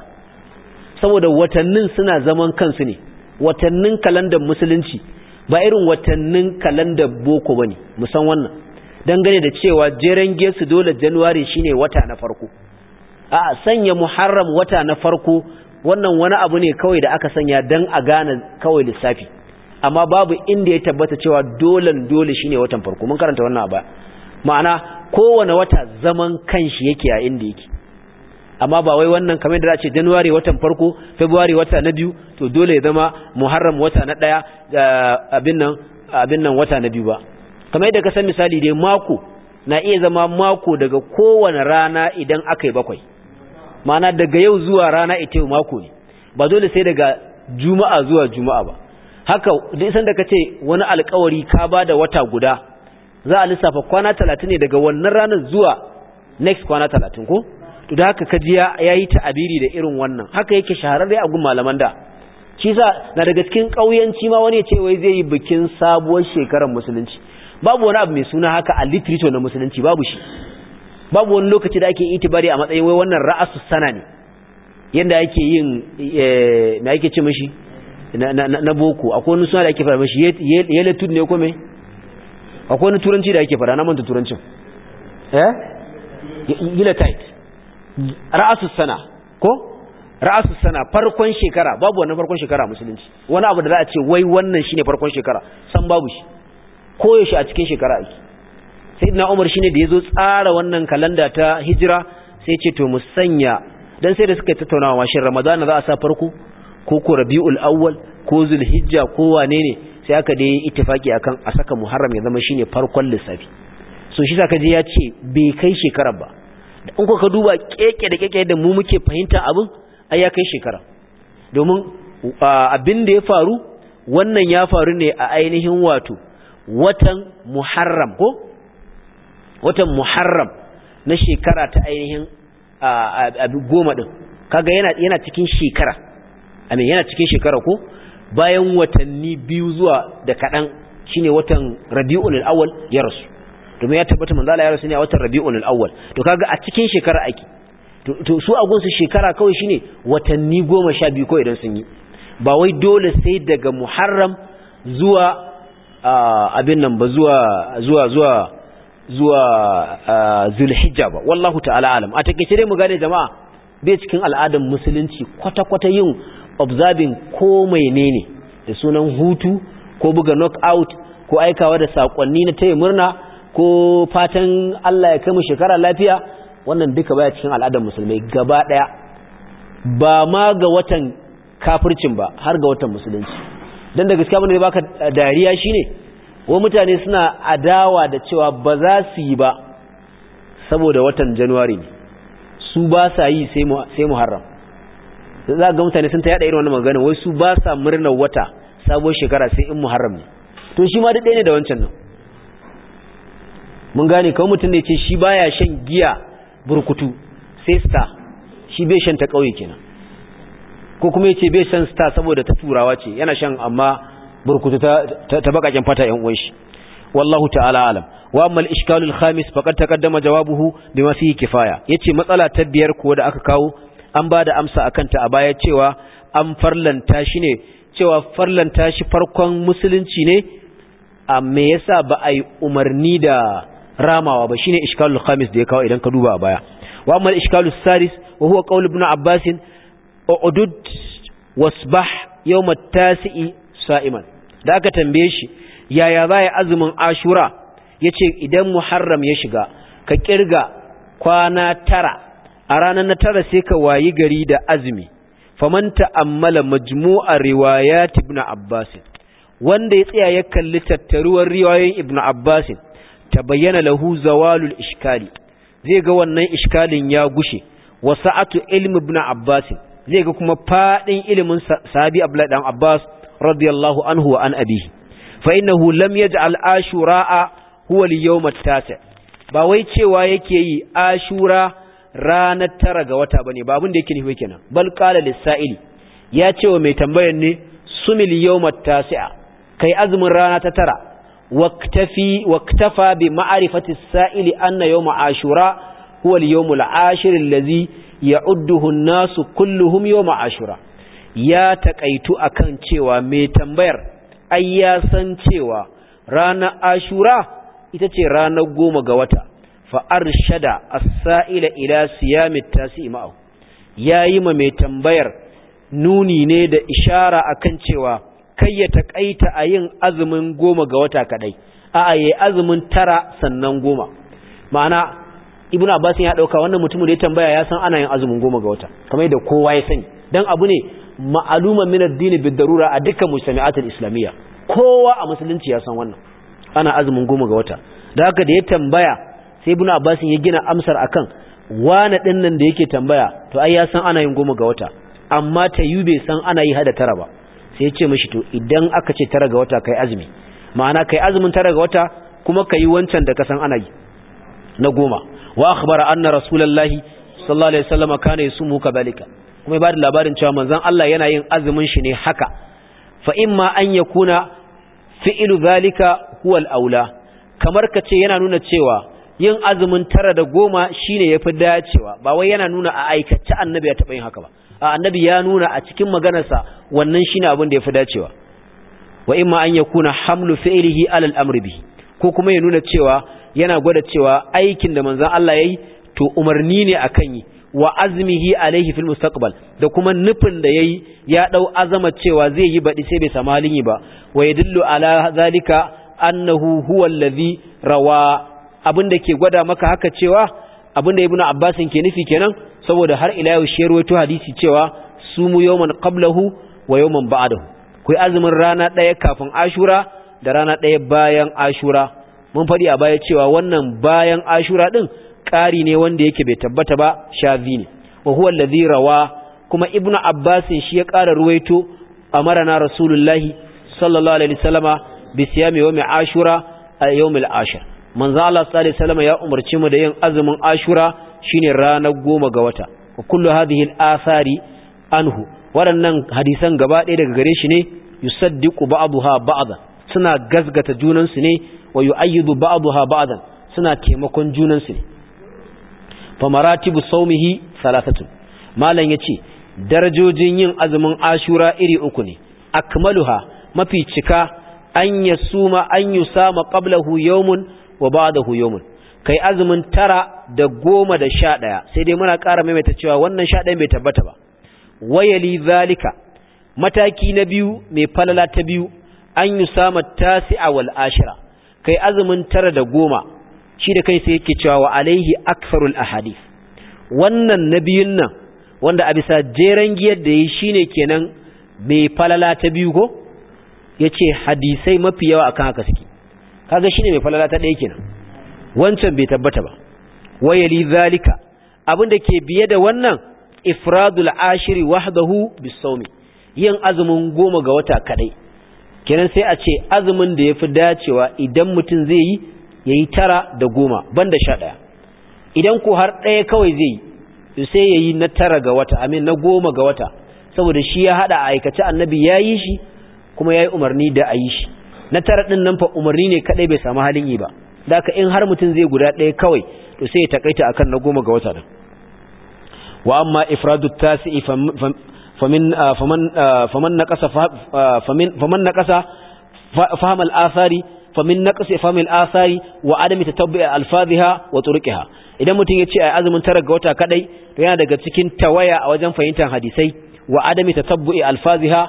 saboda watannin suna zaman kansu ne watannin kalandar musulunci ba irin watannin kalandar boko bane musan wannan dangane da cewa jeren gesu dole januwari shine wata na farko a sanya muharram wata na farko wannan wani abu ne kawai da aka sanya dan a gane kawai lissafi amma babu inda ya tabbata cewa dolan dole shine watan farko mun karanta wannan ba ma'ana kowane wata zaman kanshi yake a inda yake amma ba wai wannan kamar da ce January watan farko February wata na biyu to dole ya zama Muharram wata na daya eh, abin nan abin nan wata na biyu ba kamar yadda ka san misali dai mako na iya zama mako daga kowane rana idan aka yi bakwai ma'ana daga yau zuwa rana ita mako ne ba dole sai daga juma'a zuwa juma'a ba haka da ka kace wani alƙawari ka ba da wata guda za a lissafa kwana talatin ne daga wannan ranar zuwa next kwana talatin ko to da haka kaji ya yayi ta'abiri da irin wannan haka yake shahararre a gun malaman da shi sa na daga cikin ƙauyanci ma wani ya ce wai zai yi bikin sabuwar shekarar musulunci babu wani abu mai suna haka a literature na musulunci babu shi babu wani lokaci da ake itibari a matsayin wai wannan ra'asu sana ne yanda ake yin eh, me ake ce mishi na boko akwai wani suna da ake fara mashi yeletud ne ko me akwai wani turanci da ake fara na manta turancin eh yilatite ra'asu sana ko ra'asu sana farkon shekara babu wannan farkon shekara musulunci wani abu da za a ce wai wannan shine farkon shekara san babu shi koyaushe a cikin shekara ake na umar shine da ya zo tsara wannan kalanda ta hijira sai ce to mu sanya dan sai da suka yi tattaunawa shi ramadana za a sa farko ko ko rabiul awwal ko zulhijja ko wane ne sai aka dai ittifaki akan a saka muharram ya zama shine farkon lissafi so shi zaka je ya ce bai kai shekara ba in ko ka duba keke da keke da mu muke fahimta abin ai ya kai shekara domin abin da ya faru wannan ya faru ne a ainihin wato watan muharram ko watan muharram na shekara ta ainihin goma din kaga yana yana cikin shekara amin yana cikin shekara ko bayan watanni biyu zuwa da kaɗan shine watan rabi'ul awwal ya rasu domin ya tabbata manzo ya rasu ne a watan rabi'ul awwal to kaga a cikin shekara ake to su a gunsu shekara kawai shine watanni goma sha biyu kawai idan sun yi ba wai dole sai daga muharram zuwa abin nan ba zuwa zuwa zuwa zuwa zulhijja ba wallahu ta'ala alam a takeice dai mu gane jama'a bai cikin al'adar musulunci kwata-kwata yin observing ko mai ne da sunan hutu ko buga out ko aikawa da sakonni na taya murna ko fatan Allah ya kai mu shekara lafiya wannan duka baya cikin al'adar musulmai gaba daya ba ma ga watan kafircin ba har ga watan musulunci dan da gaskiya bane baka dariya shine wa mutane suna adawa da cewa ba za su yi ba saboda watan January su ba sa yi sai Muharram za ga mutane sun ta yada irin wannan magana wai su ba sa murnar wata sabuwar shekara sai in muharram ne to shi ma duk ɗaya ne da wancan nan mun gane kawai mutum ne ce shi baya shan giya burkutu sai star shi bai shan ta ƙauye kenan ko kuma ya ce bai shan star saboda ta turawa ce yana shan amma burkutu ta bakakin fata yan uwan shi wallahu ta'ala alam wa amma al-ishkalul khamis faqad taqaddama jawabuhu bima fihi kifaya yace matsala ta biyar ko da aka kawo an ba da amsa a kanta a baya cewa an farlanta shi ne cewa farlanta shi farkon musulunci ne a me yasa ba a yi umarni da ramawa ba shine iskalul khamis da ya kawo idan ka duba a baya wa amma iskalul saris wa huwa qaul ibn abbas udud wasbah yawm at sa'iman da aka tambaye shi yaya za ya azumin ashura yace idan muharram ya shiga ka kirga kwana tara a ranar na tara sai ka wayi gari da azumi faman ta'ammala majmu'a riwayat ibn abbas wanda ya tsaya ya kalli tattaruwar riwayoyin ibn abbas tabayyana lahu zawalul iskali zai ga wannan iskalin ya gushe wa sa'atu ilmi ibn abbas zai ga kuma fadin ilimin sahabi abdullahi dan abbas radiyallahu anhu wa an abihi fa innahu lam yaj'al ashura'a huwa al tasi ba wai cewa yake yi ashura ranar tara ga wata bane ba abin da yake nufi kenan bal qala lisaili ya ce wa mai tambayar ne sumil yawma tasi'a kai azumin rana ta tara waktafi waktafa bi ma'rifati sa'ili anna yawma ashura huwa al-yawmul ashir allazi ya'udduhu an-nasu kulluhum yau ashura ya takaitu akan cewa mai tambayar ai ya san cewa ranar ashura ita ce ranar goma ga wata fa arshada as-sa'ila ila siyami tasi ya yayi ma mai tambayar nuni ne da ishara akan cewa kai ya takaita a yin azumin goma ga wata kadai a'a yayi azumin tara sannan goma ma'ana ibnu abbas ya dauka wannan mutumin da ya tambaya ya san ana yin azumin goma ga wata kamar da kowa ya sani dan abu ne ma'aluman min ad-din darura a dukkan mujtami'atul islamiyya kowa a musulunci ya san wannan ana azumin goma ga wata da haka da ya tambaya sai ibnu abbas ya gina amsar akan wane din nan da yake tambaya to ai ya san ana yin goma ga wata amma ta yi bai san ana yi hada tara ba sai ya ce mishi to idan aka ce tara ga wata kai azumi ma'ana kai azumin tara ga wata kuma kai wancan da ka san ana yi na goma wa akhbara anna rasulullahi sallallahu alaihi wasallam kana yasumu kabalika kuma ba da labarin cewa manzon Allah yana yin azumin shi ne haka fa imma an yakuna fi'lu zalika huwa al-aula kamar ka ce yana nuna cewa yin azumin tara da goma shine fi dacewa ba wai yana nuna a aikace annabi ya taɓa yin haka ba a annabi ya nuna a cikin maganarsa wannan shine abin da ya fi dacewa wa imma an yakuna hamlu fi'lihi ala al-amri bihi. ko kuma ya nuna cewa yana gwada cewa aikin da manzon Allah ya yi to umarni ne a kan yi wa azmihi alayhi fil mustaqbal da kuma nufin da yayi ya ɗau azama cewa zai yi badi sai bai samu halin yi ba wa yadullu ala zalika annahu huwa allazi rawa abin da ke gwada maka haka cewa abin da Ibn Abbas ke nufi kenan saboda har ila yau shi ruwaito hadisi cewa sumu yawman qablahu wa yawman ba'dahu kai azumin rana daya kafin ashura da rana daya bayan ashura mun fadi a baya cewa wannan bayan ashura din ƙari ne wanda yake bai tabbata ba shazi ne wa huwa allazi rawa kuma Ibn Abbas shi ya ƙara ruwaito amarana rasulullahi sallallahu alaihi wasallama bi siyami yawmi ashura a yawmil ashir manzo Allah sallallahu alaihi wasallam ya umarci mu da yin azumin Ashura shine ranar goma ga wata wa kullu hadhihi al-athari anhu waɗannan hadisan gaba ɗaya daga gare shi ne yusaddiqu ba'daha ba'dan suna gasgata junan su ne wa yu'ayyidu ba'daha ba'dan suna taimakon junan su ne fa maratibu sawmihi salasatun malam yace darajojin yin azumin Ashura iri uku ne akmaluha mafi cika an yasuma an yusama qablahu yawmun wa ba'dahu mun kai azumin tara da goma da sha ɗaya sai dai muna ƙara maimaita cewa wannan sha ɗaya bai tabbata ba wayali zalika mataki na biyu mai falala ta biyu an yi sama tasi a wal ashira kai azumin tara da goma shi da kai sai yake cewa wa alaihi akfarul hadis. wannan na biyun nan wanda a bisa jeren giyar da yi ne kenan mai falala ta biyu ko ya ce hadisai mafi yawa akan haka suke kaga shine mai falala ta ɗaya kenan wancan bai tabbata ba wayali zalika abin da ke biye da wannan ifradul ashiri wahdahu bisawmi yin azumin goma ga wata kadai kenan sai a ce azumin da yafi dacewa idan mutum zai yi yayi tara da goma banda sha daya idan ko har daya kawai zai yi sai yayi na tara ga wata amin na goma ga wata saboda shi ya hada aikace annabi ya yi shi kuma yayi umarni da a yi shi na tara din nan fa umarni ne kadai bai samu halin yi ba Da ka in har mutum zai guda ɗaya kawai to sai ya takaita akan na goma ga wata din wa amma ifradu tasi'i famin ah, faman na ah, naqasa famin ah, faman naqasa fahm al-athari famin naqsi fahm al-athari wa adami tatabbi' alfaziha wa turuqiha idan mutum ya ce ai azumin tara ga wata kadai to yana daga cikin tawaya a wajen fahimtar hadisai wa adami tatabbu'i alfaziha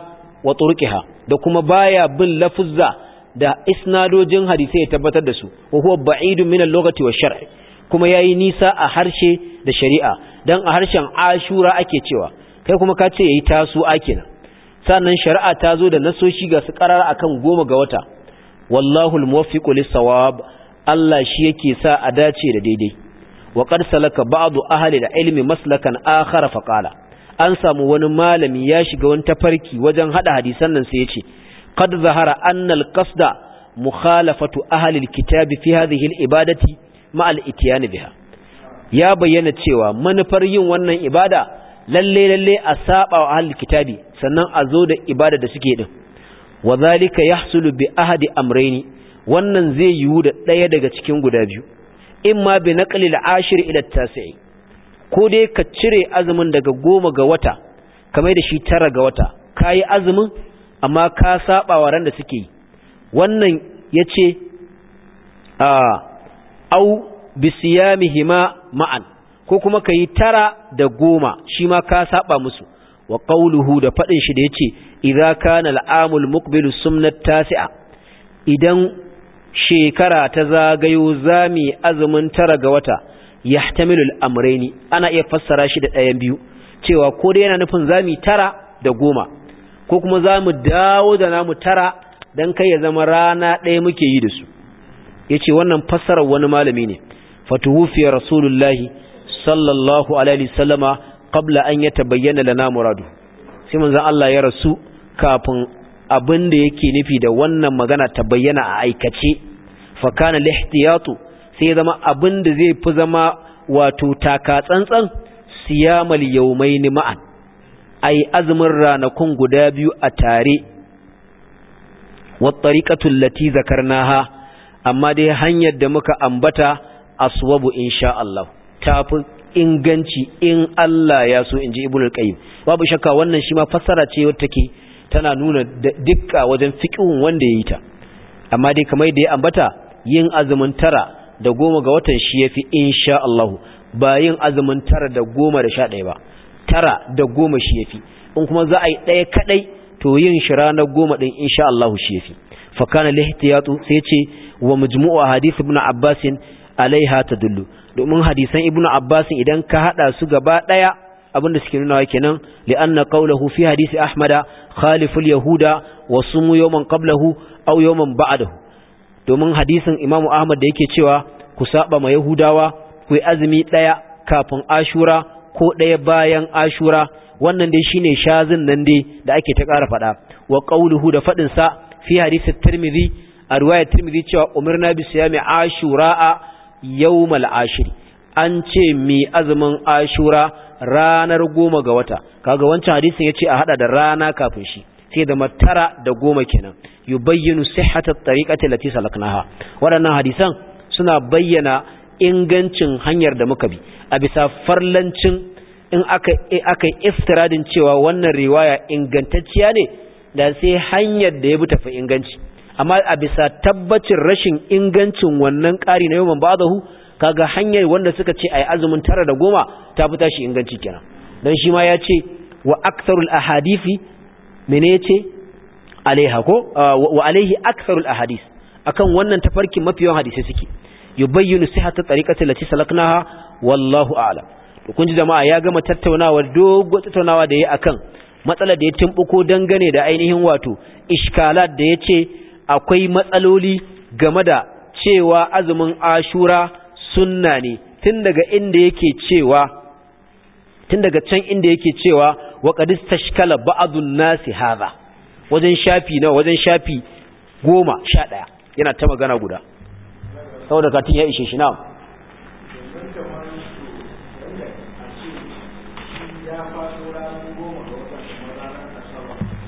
wa turuqiha da kuma baya bin lafuzza da isnadojin hadisai ya tabbatar da su wa huwa ba'idun min al-lughati wa shar' kuma yayi nisa a harshe da shari'a dan a harshen ashura ake cewa kai kuma ka ce yayi tasu nan. sannan shari'a ta zo da nasoshi ga su karara akan goma ga wata wallahu al lis-sawab Allah shi yake sa a dace da daidai wa qad salaka ba'du ahli al-ilmi maslakan akhar fa qala an samu wani malami ya shiga wani tafarki wajen hada hadisan nan sai ya ce qad zahara anna al-qasda mukhalafatu ahli al-kitab fi hadhihi al-ibadati ma al ya bayyana cewa manufar yin wannan ibada lalle lalle a saɓa wa ahli kitabi sannan a zo da ibada da suke din wa zalika yahsulu bi ahadi amrayni wannan zai yiwu da ɗaya daga cikin guda biyu imma bi naqli al-ashir ila at-tasi' ko dai ka cire azumin daga goma ga wata kamar da shi tara ga wata ka yi azumin amma ka saba wa ran da suke wannan ya ce a au bisiyamihima ma'an ko kuma ka yi tara da goma shi ma ka saba musu wa ƙauluhu da faɗin shi da yace idza kana la'amul muqbilu sunnat tasi'a idan shekara ta zagayo zami azumin tara ga wata yahtamilu al'amraini ana iya fassara shi da ɗayan biyu cewa ko dai yana nufin zami tara da goma ko kuma za mu dawo da namu tara don kai ya zama rana ɗaya muke yi da su ya ce wannan fassarar wani malami ne fatuhufiyar rasulullahi sallallahu alaihi sallama kabla an ya tabayyana namu muradu sai manzan Allah ya rasu kafin abin da yake nufi da wannan magana ta bayyana a aikace fakana lihtiyatu sai ya zama abin da zai fi zama wato taka tsantsan siyamal yawmaini ma'an a yi azumin ranakun guda biyu a tare wattariƙatun lati zakarnaha amma dai hanyar da muka ambata aswabu insha Allah ta inganci in Allah ya so in ji ibn al-qayyim babu shakka wannan shi ma fassara ce wacce take tana nuna dukka wajen fiqhun wanda yayi ta amma dai kamar da ya ambata yin azumin tara da goma ga watan shi yafi insha Allah ba yin azumin tara da goma da sha ɗaya ba tara da goma shi yafi in kuma za a yi ɗaya kaɗai to yin shi ranar goma ɗin insha Allah shi yafi fa kana lihtiyatu sai ce wa majmu'u hadith ibn Abbas alaiha tadullu domin hadisan ibn Abbas idan ka hada su gaba ɗaya abinda suke nuna kenan li'anna qawluhu fi hadisi Ahmada khaliful yahuda wa sumu yawman qablahu aw yawman ba'dahu domin hadisin imamu Ahmad da yake cewa ku saba ma Yahudawa ku azumi ɗaya kafin Ashura ko ɗaya bayan ashura wannan dai shine shazin nan dai da ake ta ƙara faɗa wa qauluhu da faɗin sa fi hadisi tirmidhi a riwayar tirmidhi cewa umirna bi siyami ashura a yawmal ashir an ce mi azumin ashura ranar goma ga wata kaga wancan hadisin yace a hada da rana kafin shi sai da matara da goma kenan yubayyinu sihhatat tariqati lati salaknaha waɗannan hadisan suna bayyana ingancin hanyar da muka bi a bisa farlancin in aka yi iftiradin cewa wannan riwaya ingantacciya ne da sai hanyar da ya bi tafi inganci amma a bisa tabbacin rashin ingancin wannan ƙari na yawan Ka kaga hanyar wanda suka ce a yi azumin tara da goma ta fi tashi inganci kenan dan shi ma ya ce wa aktharul ahadithi mene yace alaiha ko wa alaihi aktharul ahadis akan wannan tafarkin mafi yawan hadisai suke yubayyinu sihhatu tariqati allati salaknaha wallahu a'lam to kun ji jama'a ya gama tattaunawa dogo tattaunawa da yayi akan matsalar da ya tumbuko dangane da ainihin wato iskalat da yace akwai matsaloli game da cewa azumin ashura sunna ne tun daga inda yake cewa tun daga can inda yake cewa wa qadis tashkala ba'dun nasi hadha wajen shafi na wajen shafi goma sha ɗaya yana ta magana guda saboda katin ya ishe shi na'am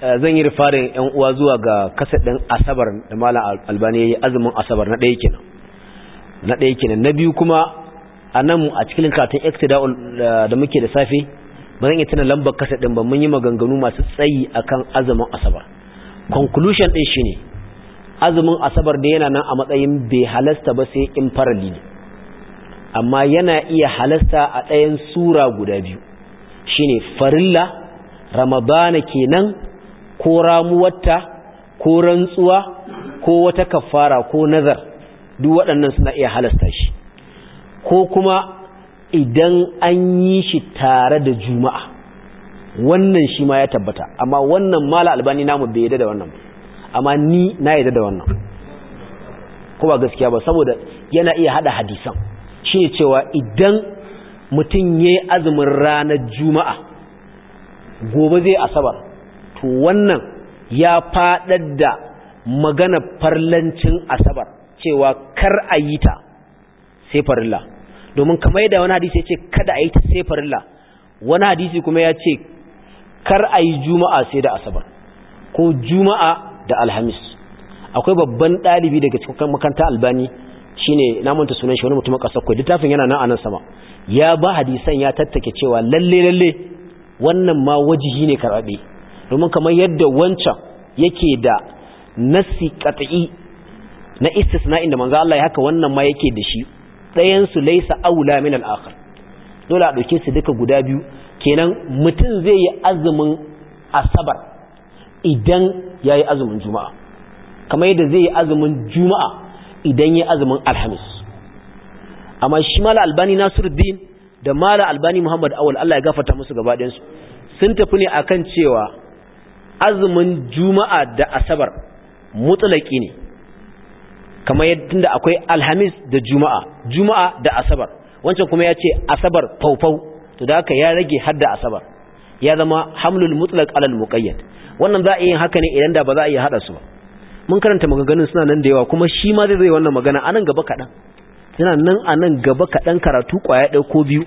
Eh, zan yi rifarin yan uwa zuwa ga kasadin asabar da malam albani yayi azumin asabar na ɗaya kenan na ɗaya kenan na biyu kuma a nan a cikin katin iktida'ul eh, da muke da safe ba zan yi tana lambar kasadin ba mun yi maganganu masu tsayi a kan azumin asabar conclusion din shine azumin asabar da yana nan a matsayin bai halasta ba sai in farali ne amma yana iya halasta a ɗayan sura guda biyu shine farilla ramadana kenan ko ramuwarta ko rantsuwa ko wata kafara ko nazar duk waɗannan suna iya halasta shi ko kuma idan an yi shi tare da juma'a wannan shi ma ya tabbata amma wannan mala albani namu bai yadda da wannan amma ni na yadda da wannan ko ba gaskiya ba saboda yana iya hada hadisan shi ne cewa idan mutum ya yi azumin ranar juma'a gobe zai asabar to wannan ya faɗar da magana farlancin asabar cewa kar a yi ta sai farilla domin kamar yadda wani hadisi ya ce kada a yi ta sai farilla wani hadisi kuma ya ce kar a yi juma'a sai da asabar ko juma'a da alhamis akwai babban ɗalibi daga cikin makanta albani shine na sunan shi wani mutumin ƙasar kwai littafin yana nan a nan sama ya ba hadisan ya tattake cewa lalle lalle wannan ma wajihi ne karɓaɓe domin kamar yadda wancan yake da nasi qat'i na istisna'in da manzo Allah ya haka wannan ma yake da shi ɗayan su laysa aula min al dole a dauke su duka guda biyu kenan mutum zai yi azumin asabar idan yayi azumin juma'a kamar yadda zai yi azumin juma'a idan yayi azumin alhamis amma shi mala albani nasiruddin da mala albani muhammad awal Allah ya gafarta musu gaba ɗayan sun tafi ne akan cewa azumin juma'a da asabar mutulaki ne kamar yadda akwai alhamis da juma'a juma'a da asabar wancan kuma ya ce asabar faufau to da haka ya rage hadda asabar ya zama hamlul mutlaq alal muqayyad wannan za a yi haka ne idan da ba za a yi hada su ba mun karanta maganganun suna nan da yawa kuma shi ma zai zai wannan magana anan gaba kaɗan suna nan anan gaba kaɗan karatu kwaya ɗaya ko biyu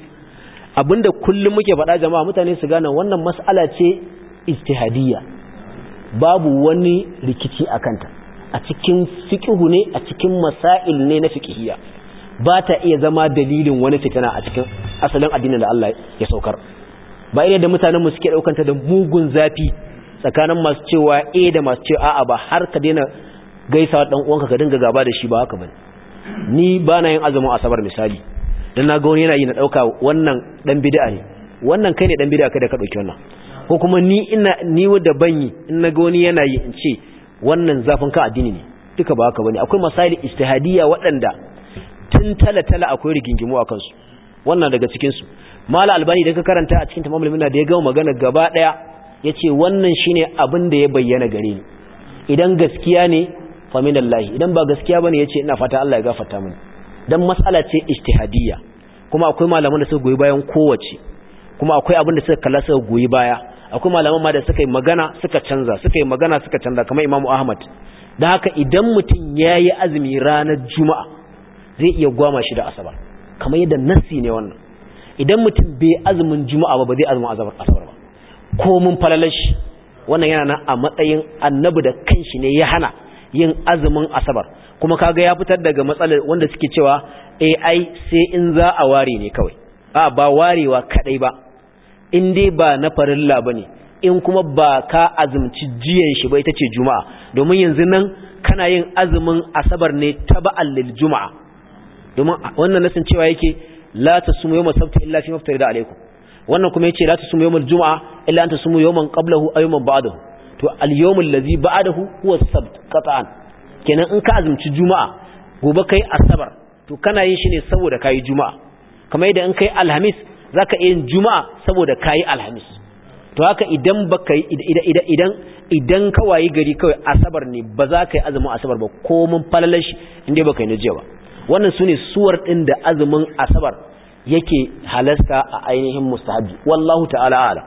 abinda kullum muke faɗa jama'a mutane su gane wannan mas'ala ce ijtihadiyya babu wani rikici a kanta a cikin fiƙihu ne a cikin masail ne na fiƙihiyya ba ta iya zama dalilin wani fitina a cikin asalin addinin da Allah ya saukar ba ina da mutanen mu suke daukanta da mugun zafi tsakanin masu cewa eh da masu cewa a'a ba har ka daina gaisawa dan uwanka ka dinga gaba da shi ba haka bane ni ba na yin azumin asabar misali dan na ga wani yana yi na dauka wannan dan bid'a ne wannan kai ne dan bid'a kai da ka dauki wannan ko kuma ni ina ni da banyi in naga wani yana yi in ce wannan zafin ka addini ne duka ba haka bane akwai masail istihadiyya waɗanda tun tala tala akwai rigingimu akan su wannan daga cikin su mala albani da ka karanta a cikin tamamul minna da ya gama magana gaba daya yace wannan shine abin da ya bayyana gare ni idan gaskiya ne fa minallahi idan ba gaskiya bane yace ina fata Allah ya gafarta mini dan mas'ala ce istihadiyya kuma akwai malaman da suka goyi bayan kowace kuma akwai abin da suka kalla suka goyi baya akwai malaman ma da suka yi magana suka canza suka yi magana suka canza kamar imamu ahmad da haka idan mutum ya yi azumi ranar juma'a zai iya gwama shi da asabar kamar yadda nassi ne wannan idan mutum bai azumin juma'a ba ba zai azumin asabar ba ko mun falalashi wannan yana nan a matsayin annabi da kanshi ne ya hana yin azumin asabar kuma kaga ya fitar daga matsalar wanda suke cewa eh, ai sai in za a ware ne kawai a ba warewa kadai ba in dai ba na farilla bane in kuma ba ka azumci jiyan shi ba ita ce juma'a domin yanzu nan kana yin azumin asabar ne taba'al lil juma'a domin wannan nasin cewa yake la tasumu yawma sabti illa fi da alaikum wannan kuma yace la tasumu yawmal juma'a illa an tasumu yawman qablahu aw yawman ba'dahu to al yawmul ladhi ba'dahu huwa sabt qat'an kenan in ka azumci juma'a gobe kai asabar to kana yin shi ne saboda kai juma'a kamar yadda in kai alhamis zaka iya yin juma'a saboda kayi alhamis to haka idan baka idan idan idan wayi gari kawai asabar ne ba za ka yi azumin asabar ba ko mun shi inda baka yi jiya ba wannan sune suwar din da azumin asabar yake halasta a ainihin mustahabi wallahu ta'ala ala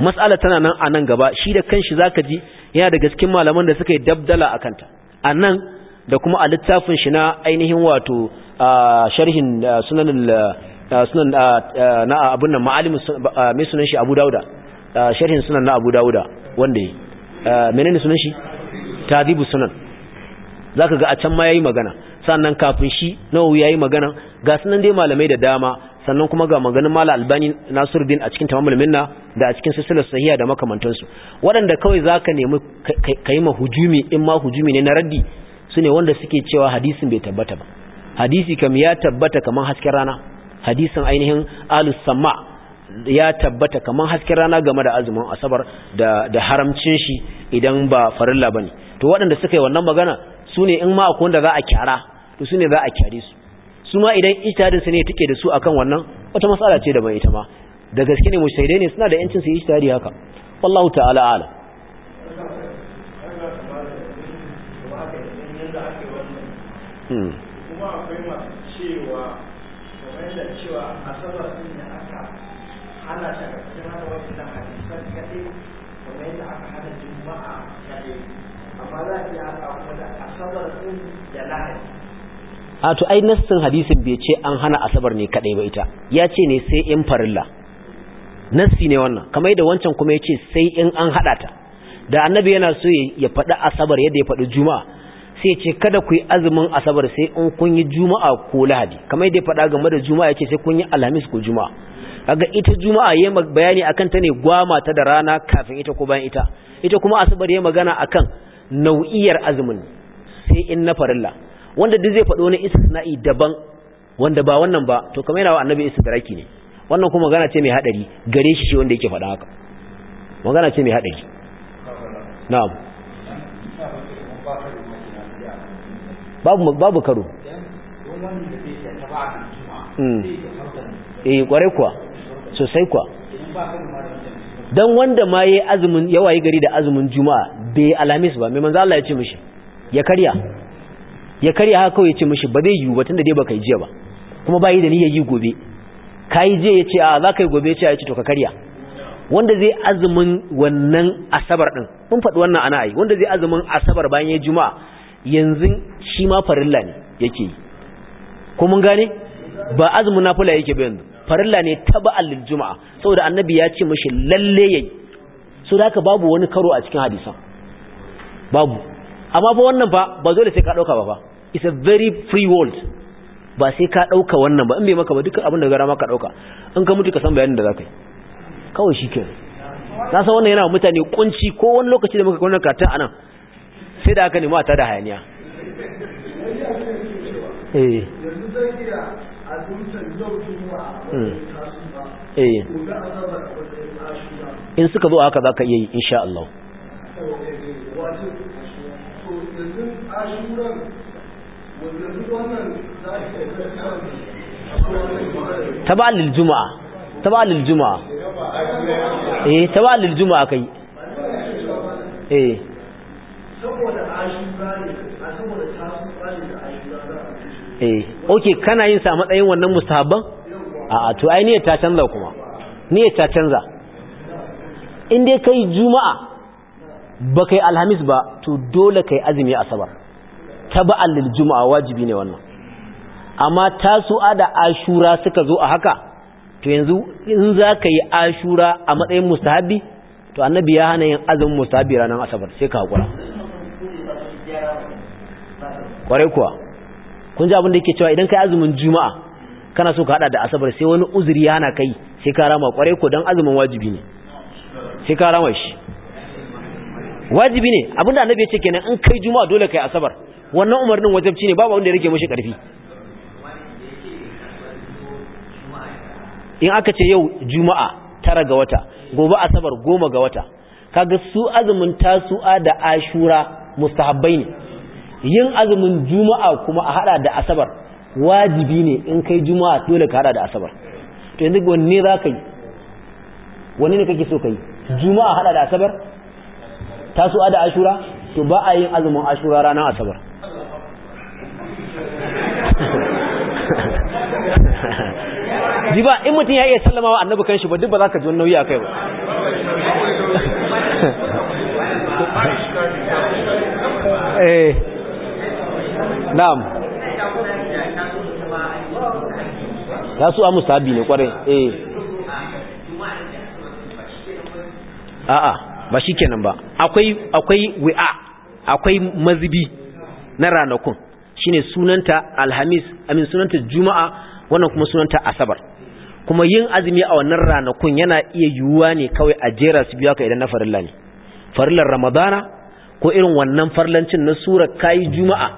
mas'ala tana nan anan gaba shi da kanshi zaka ji yana daga cikin malaman da suka yi dabdala a kanta a nan da kuma a littafin shi na ainihin wato sharhin sunanin sunan na abun nan ma'alimin mai sunan shi abu dauda sharhin sunan na abu dauda wanda yi menene sunan shi tadibu sunan za ka ga a can ma ya yi magana sannan kafin shi nawawi ya yi magana ga sunan dai malamai da dama sannan kuma ga maganin mala albani nasiruddin a cikin tamamul minna da a cikin silsilar sahiha da makamantansu waɗanda kawai za ka nemi ka yi ma hujumi in ma hujumi ne na raddi su ne wanda suke cewa hadisin bai tabbata ba hadisi kam ya tabbata kamar hasken rana hadisin ainihin alus sama ya tabbata kaman hasken rana game da azumin asabar da da haramcin shi idan ba farilla bane to waɗanda suka yi wannan magana sune in ma akwai za a kyara to sune za a kyare su su ma idan ijtihadin su ne take da su akan wannan wata matsala ce da bai ita ma da gaske ne mushaidai ne suna da yancin su ijtihadi haka wallahu ta'ala a'lam hmm a to ai nassin hadisin bai ce an hana asabar ne kadai ba ita ya ce ne sai in farilla nassi ne wannan kamar da wancan kuma ya ce sai in an hada ta da annabi yana so ya faɗi asabar yadda ya faɗi juma'a sai ce kada ku yi azumin asabar sai in kun yi juma'a ko lahadi kamar yadda ya faɗa game da juma'a ya ce sai kun yi alhamis ko juma'a kaga ita juma'a yayin bayani akan ta ne gwama ta da rana kafin ita ko bayan ita ita kuma asabar yayin magana akan nau'iyar azumin sai in na farilla wanda duk zai faɗo wani istisna'i daban wanda ba wannan ba to kamar yana wa annabi istidraki ne wannan kuma magana ce mai hadari gare shi shi wanda yake faɗa haka magana ce mai hadari na'am babu babu karo hmm. eh kware kuwa sosai kuwa dan wanda ma yayi azumin yawayi gari da azumin juma'a bai alamis ba mai manzo Allah ya ce mishi ya karya ya karya haka kawai ya ce mashi ba zai yiwu ba tunda dai baka yi jiya ba kuma ba yi da niyyar yi gobe ka yi jiya ya ce a za ka yi gobe ya ce ya ce to ka karya wanda zai azumin wannan asabar din mun faɗi wannan ana yi wanda zai azumin asabar bayan ya juma'a yanzu shi ma farilla ne yake yi ko mun gane ba azumin nafila yake ba yanzu farilla ne ta ba lil juma'a saboda annabi ya ce mashi lalle yayi so da haka babu wani karo a cikin hadisan babu amma fa wannan fa ba zo da sai ka dauka ba fa it's a very free world ba sai ka dauka wannan ba in bai maka ba dukkan abin da gara maka dauka in ka mutu ka san bayanin da ka yi kawai ke. na san wannan yana wa mutane kunci ko wani lokaci da muka kwanar karatun anan sai da aka nema ta da hayaniya eh. Eh. Eh. in suka zo haka za ka iya yi insha Allah taba lil juma'a taba juma'a eh taba juma'a kai eh a eh. kana yin sa matsayin wannan mustahabban a to ai ne ta canza kuma ta canza in dai kai juma'a ba kai alhamis ba to dole kai azumi asabar taba'an lil juma'a wajibi ne wannan amma tasu ada ashura suka zo a haka to yanzu in za ka yi ashura a matsayin mustahabi to annabi ya hana yin azumin mustahabi ranar asabar sai ka haƙura ƙwarai kuwa kun ji abin da yake cewa idan ka yi azumin juma'a kana so ka hada da asabar sai wani uzuri ya hana kai sai ka rama ƙwarai ko don azumin wajibi ne sai ka rama shi wajibi ne abinda annabi ya ce kenan in kai juma'a dole kai asabar wannan umarnin wajabci ne babu wanda ya rage mashi karfi in aka ce yau juma'a tara ga wata gobe asabar goma ga wata kaga su azumin tasu'a da ashura mustahabbai ne yin azumin juma'a kuma a hada da asabar wajibi ne in kai juma'a dole ka hada da asabar to yanzu wanne za ka yi wanne ne kake so ka yi juma'a hada da asabar tasu'a da ashura to ba a yin azumin ashura ranar asabar *laughs* ji ba in mutum ya iya sallamawa wa annabi shi ba duk ba za ka ji nauyi a kai ba *laughs* eh na'am ta su amu sabi ne kwarai eh a'a ba shi kenan ba akwai akwai wi'a akwai mazibi na ranakun shine sunanta alhamis amin sunanta juma'a wannan kuma sunanta asabar kuma yin azumi a wannan ranakun yana iya yiwuwa ne kawai a jera su biya ka idan na farilla ne farillar ramadana ko irin wannan farlancin na sura kayi juma'a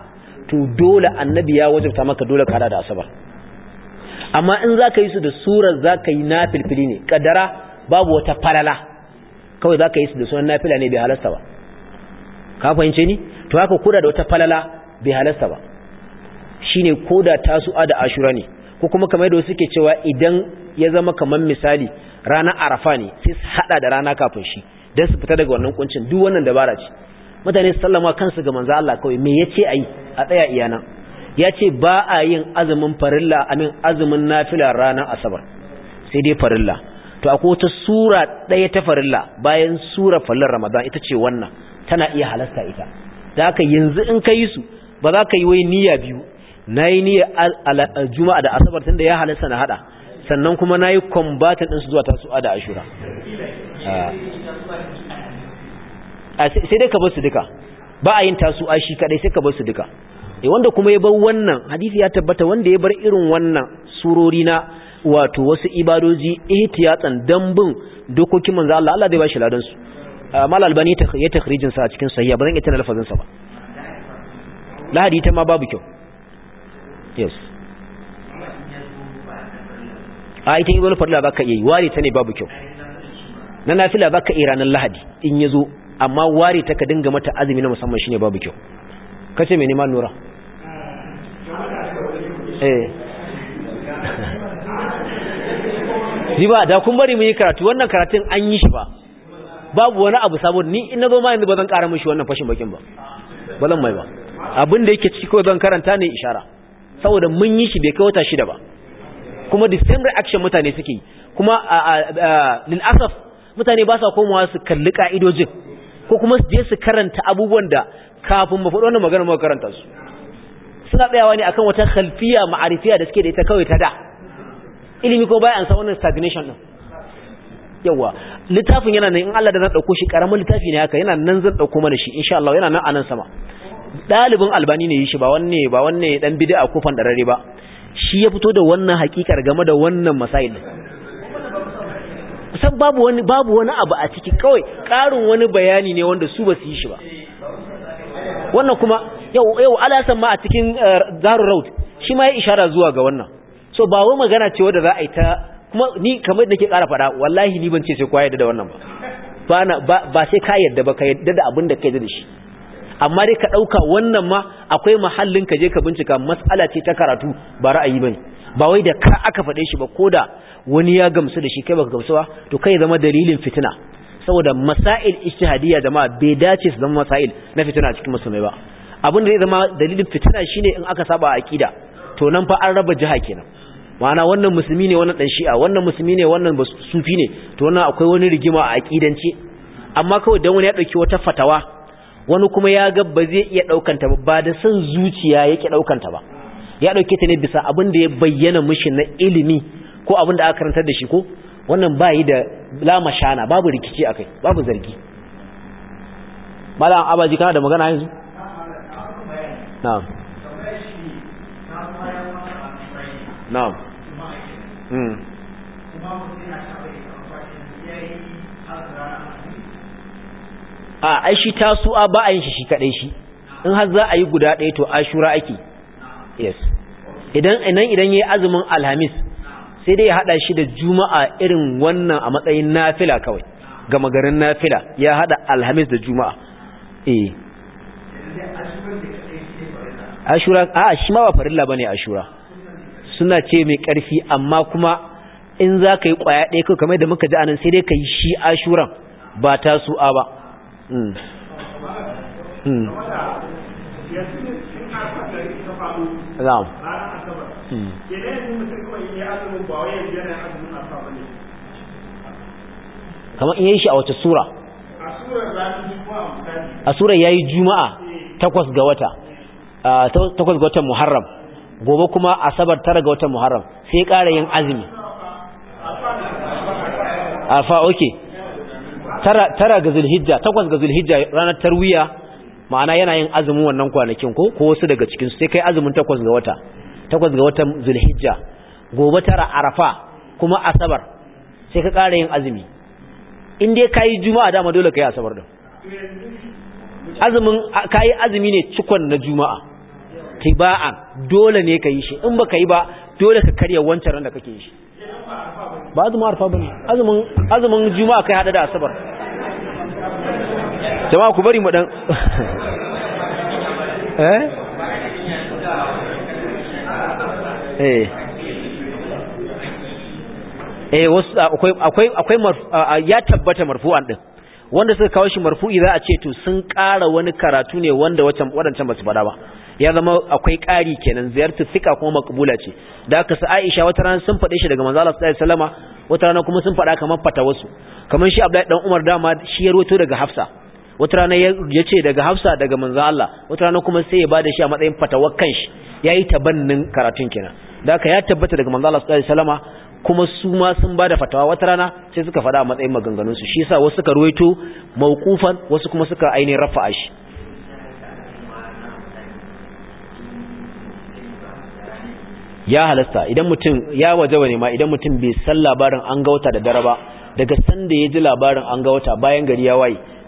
to dole annabi ya wajabta maka dole ka da asabar amma in za ka yi su da surar za ka yi na filfili ne kadara babu wata falala kawai za ka yi su da sunan nafila ne bai halasta ba ka fahimce ni to haka koda da wata falala bai halasta ba shine koda tasu'a da ashura ne ko kuma kamar yadda suke cewa idan ya zama kamar misali ranar arafa ne sai su hada da rana kafin shi don su fita daga wannan kuncin duk wannan dabara ce mutane su sallama kansu ga manzo Allah kawai me yace ayi a tsaya iyana yace ba a yin azumin farilla amin azumin nafila ranar asabar sai dai farilla to akwai wata sura ɗaya ta farilla bayan sura fallar ramadan ita ce wannan tana iya halasta ita da haka yanzu in ka yi su ba za ka yi wai niyya biyu na yi niyya juma'a da asabar tun da ya halitta na hada sannan kuma na yi kwambatin ɗinsu zuwa tasu'a da ashura sai dai ka bar su duka ba a yin tasu'a shi kadai sai ka bar su duka e wanda kuma ya bar wannan hadisi ya tabbata wanda ya bar irin wannan surori na wato wasu ibadoji ihtiyatan dambun dokokin manzo Allah Allah zai ba shi ladan su mal albani ya takhrijin sa a cikin sahiha ba zan iya tana lafazin sa ba lahadi ta ma babu kyau yes a ita wani fadla baka yi ware ta ne babu kyau na nafila baka yi ranar lahadi in ya zo amma ware ta ka dinga mata azumi na musamman shi ne babu kyau kace me neman nura eh da kun bari mu yi karatu wannan karatun an yi shi ba babu wani abu sabon ni ina zo ma yanzu ba zan ƙara mishi wannan fashin bakin ba ba zan mai ba abin da yake ciki ko zan karanta ne ishara saboda mun yi shi bai kai wata shida ba kuma the same reaction mutane suke kuma lil asaf mutane ba sa komawa su kalli ka'idojin ko kuma su je su karanta abubuwan da kafin mu faɗo wannan magana mu karanta su suna tsayawa ne akan wata khalfiya ma'arifiya da suke da ita kawai ta da ilimi ko baya an san wannan stagnation din yawa littafin yana nan in Allah da zan dauko shi karamin littafi ne haka yana nan zan dauko mana shi insha Allah yana nan a nan sama dalibin albani ne shi ba wanne ba wanne dan bid'a ko darare ba shi ya fito da wannan hakikar game da wannan masail san babu wani babu wani abu a ciki kawai karin wani bayani ne wanda su ba su yi shi ba wannan kuma yau yau alasan ma a cikin eh, zaru road shi ma ya ishara zuwa ga wannan so ba wai magana ce wanda za a yi ta kuma ni kamar da nake ƙara faɗa wallahi ni ban ce sai kwa yarda da wannan ba ba ba sai ka yarda ba ka yarda da abin da ka da shi amma dai ka ɗauka wannan ma akwai mahallin ka je ka bincika matsala ce ta karatu ba ra'ayi bane ba wai da ka aka faɗe shi ba ko da wani ya gamsu da shi kai baka gamsu ba to kai zama dalilin fitina saboda masail ijtihadiyya jama'a bai dace su zama masail na fitina a cikin musulmai ba abin da zai zama dalilin fitina shine in aka saba aqida to nan fa an raba jiha kenan ma'ana wannan musulmi ne wannan dan shi'a wannan musulmi ne wannan sufi ne to wannan akwai wani rigima a aqidanci amma kawai dan wani ya dauki wata fatawa wani kuma ya ga ba zai iya ɗaukanta ba ba da san zuciya yake ɗaukanta ba ya ɗauke ta ne bisa abin da ya bayyana mishi na ilimi ko abin da aka karantar da shi ko wannan ba yi da lama shana babu rikici akai kai babu zargi malam abaji kana da magana yanzu na'am na'am na'am hmm. a ai shi tasu'a ba a yin shi shi kadai shi in har za a yi guda ɗaya to ashura ake yes idan idan idan yayi azumin alhamis sai dai ya hada shi da juma'a irin wannan a matsayin nafila kawai ga magarin nafila ya hada alhamis da juma'a eh ashura a shi ma ba farilla bane ashura suna ce mai ƙarfi amma kuma in za ka yi ƙwaya ɗaya kai kamar da muka ji anan sai dai ka yi shi ashuran ba ta su'a ba Hmm. Hmm. Hmm. kamar in yi shi a wata sura a sura ya yi juma'a takwas ga wata takwas ga watan muharram gobe kuma asabar tara ga watan muharram sai ƙara yin azumi alfa oke tara ga zulhijja takwas ga zulhijja ranar tarwiya ma'ana yana yin azumin wannan kwanakin ko ko wasu daga cikin su sai kai azumin takwas ga wata takwas ga watan zulhijja gobe tara arafa kuma asabar sai ka kara yin azumi in dai kayi juma'a dama dole kai asabar din azumin kayi azumi ne cikon na juma'a tiba'an dole ne ka yi shi in baka yi ba dole ka karya wancan ran da kake yi shi ba azumin arfa bane azumin azumin juma'a kai hada da asabar jama'a ku bari mu dan *laughs* eh eh eh wasu akwai akwai akwai ya tabbata marfu'an din wanda suka kawo shi marfu'i za a ce to sun ƙara wani karatu ne wanda wacan wadancan ba su ba ya zama akwai ƙari kenan ziyartu fika kuma makbula ce da aka sa Aisha wata rana sun fade shi daga manzo Allah sallallahu alaihi wasallama wata rana kuma sun fada kamar fata wasu kamar shi Abdullahi dan Umar dama shi ya ruwato daga Hafsa wata rana ya ce daga hafsa daga manzan Allah wata rana kuma sai ya ba da shi a matsayin fatawar kanshi ya yayi tabannin karatun kenan da aka ya tabbata daga manzan Allah sallallahu alaihi wasallama kuma su ma sun da fatawa wata rana sai suka fada a matsayin maganganun su shi yasa wasu suka ruwaito mauqufan wasu kuma suka ainihin rafa'a shi ya halasta idan mutum ya waje ne ma idan mutum bai san labarin an ga da daraba ba daga sanda ya ji labarin an ga bayan gari ya waye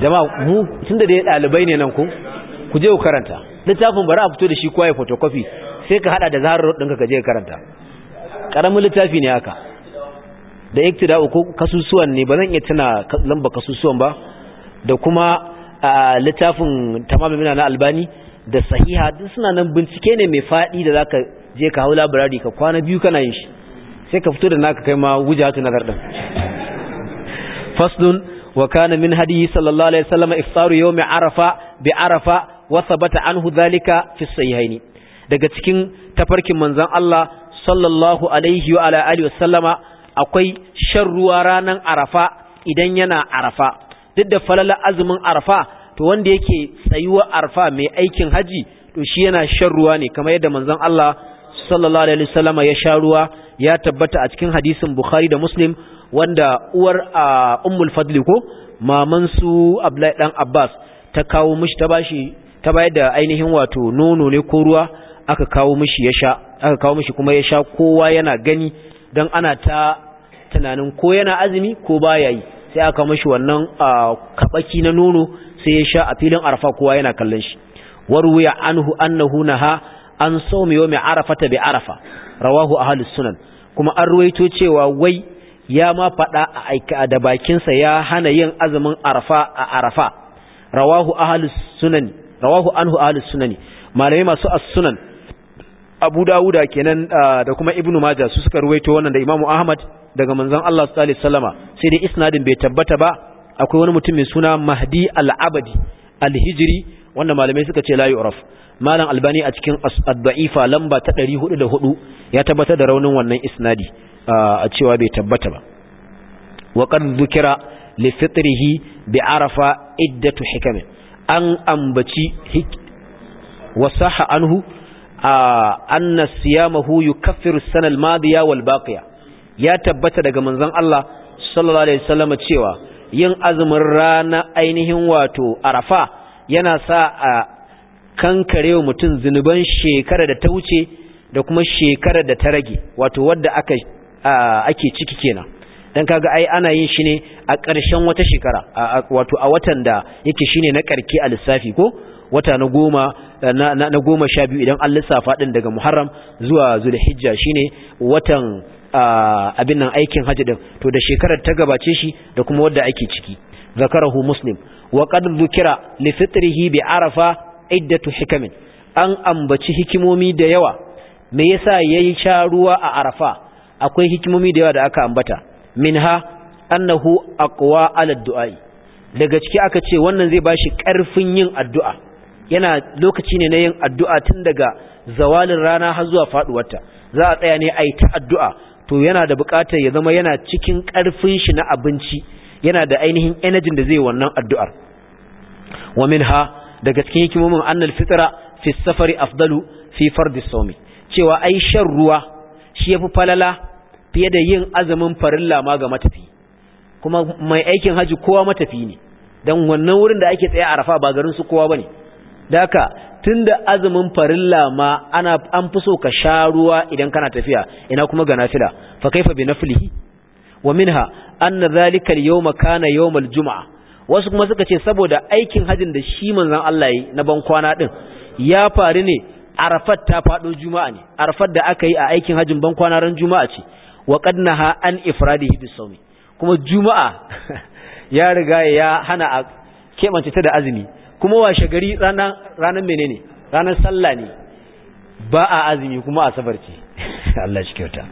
jama'a mu tunda da dai dalibai ne nan ku ku je ku karanta littafin bari a fito da shi kwaye photocopy sai ka hada da zaharar ɗinka ka je ka karanta ƙaramin littafi ne haka da iktida'u ko kasusuwan ne ba zan iya tuna lamba kasusuwan ba da kuma littafin tamamin na albani da sahiha duk suna nan bincike ne mai faɗi da zaka je ka hau labirari ka kwana biyu kana yin shi sai ka fito da naka kai ma wujatu nazar din fasdun. وكان من هديه صلى الله عليه وسلم إفطار يوم عرفة بعرفة وثبت عنه ذلك في الصحيحين daga cikin tafarkin manzon Allah sallallahu alaihi wa ala alihi akwai shan ruwa ranan Arafa idan yana Arafa duk da falala azumin Arafa to wanda yake tsayuwa Arafa mai aikin haji to shi yana shan ruwa ne kamar yadda manzon Allah sallallahu alaihi wasallama ya sha ruwa ya tabbata a cikin hadisin Bukhari da Muslim wanda uwar a ummul fadli ko maman su abdullahi dan abbas ta kawo mishi ta bashi ta bayar da ainihin wato nono ne ko ruwa aka kawo mishi ya sha aka kawo mishi kuma ya sha kowa yana gani dan ana ta tunanin ko yana azumi ko baya yi sai aka mishi wannan kabaki na nono sai ya sha a filin arfa kowa yana kallon shi warwiya anhu annahu naha an sawmi yawmi ta bi arafa rawahu ahlus sunan kuma an ruwaito cewa wai ya ma faɗa a aika da bakinsa ya hana yin azumin arfa a arafa rawahu ahlus sunan rawahu anhu ahlus sunani malamai masu as-sunan Abu Dawuda kenan ah, da kuma ibnu Majah su suka ruwaito wannan da imamu Ahmad daga manzon Allah sallallahu alaihi wasallama sai dai isnadin bai tabbata ba akwai wani mutum mai suna Mahdi al-Abadi al-Hijri wanda malamai suka ce la yu'raf malam Albani a cikin as daifa lamba ta 404 ya tabbatar da raunin wannan isnadi a cewa bai tabbata ba wa zukira dhukira li fitrihi bi arafa iddatu hikam an ambaci wa sahha anhu anna siyamahu yukaffiru sanal madiya wal baqiya ya tabbata daga manzon Allah sallallahu alaihi wasallam cewa yin azumin rana ainihin wato arafa yana sa a kankarewa mutum zinuban shekara da ta wuce da kuma shekara da ta rage wato wadda aka ake ciki kenan dan kaga ai ana yin shi ne a ƙarshen wata shekara wato a watan da yake shine na ƙarke a lissafi ko wata na goma eh, na goma sha biyu idan an lissafa din daga muharram zuwa zulhijja shine watan abin nan aikin hajji din to da shekarar ta gabace shi da kuma wadda ake ciki zakarahu muslim wa qad dhukira li fitrihi bi arafa iddatu hikamin an ambaci hikimomi da yawa me yasa yayi sha ruwa a arafa akwai hikimomi da yawa da aka ambata minha annahu aqwa ala du'ai daga ciki aka ce wannan zai bashi karfin yin addu'a yana lokaci ne na yin addu'a tun daga zawalin rana har zuwa faduwarta za a tsaya ne ai ta addu'a to yana da buƙatar ya zama yana cikin karfin shi na abinci yana da ainihin energy da zai wannan addu'ar wa minha daga cikin hikimomin annal fitra fi safari afdalu fi fardis sawmi cewa ai shan ruwa shi yafi falala fiye da yin azumin farilla ma ga matafi kuma mai aikin haji kowa matafi ne dan wannan wurin da ake tsaye a Arafa ba garin su kowa bane daka tunda azumin farilla ma ana an fi so ka sha ruwa idan kana tafiya ina kuma ga nafila fa kaifa bi naflihi wa minha anna zalika al yawm kana yawm al-jum'a wasu kuma suka ce saboda aikin hajin da shi manzon Allah yi na ban kwana din ya faru ne arafat ta faɗo juma'a ne arafat da aka yi a aikin hajjin ban kwana ran juma'a ce wa qadnaha an ifradihi bisawmi kuma juma'a *laughs* ya riga ya hana a kebance ta da azumi kuma washe gari ranar ranan menene ranar sallah ne ba a azumi kuma asabarci. ce *laughs* Allah shi kyauta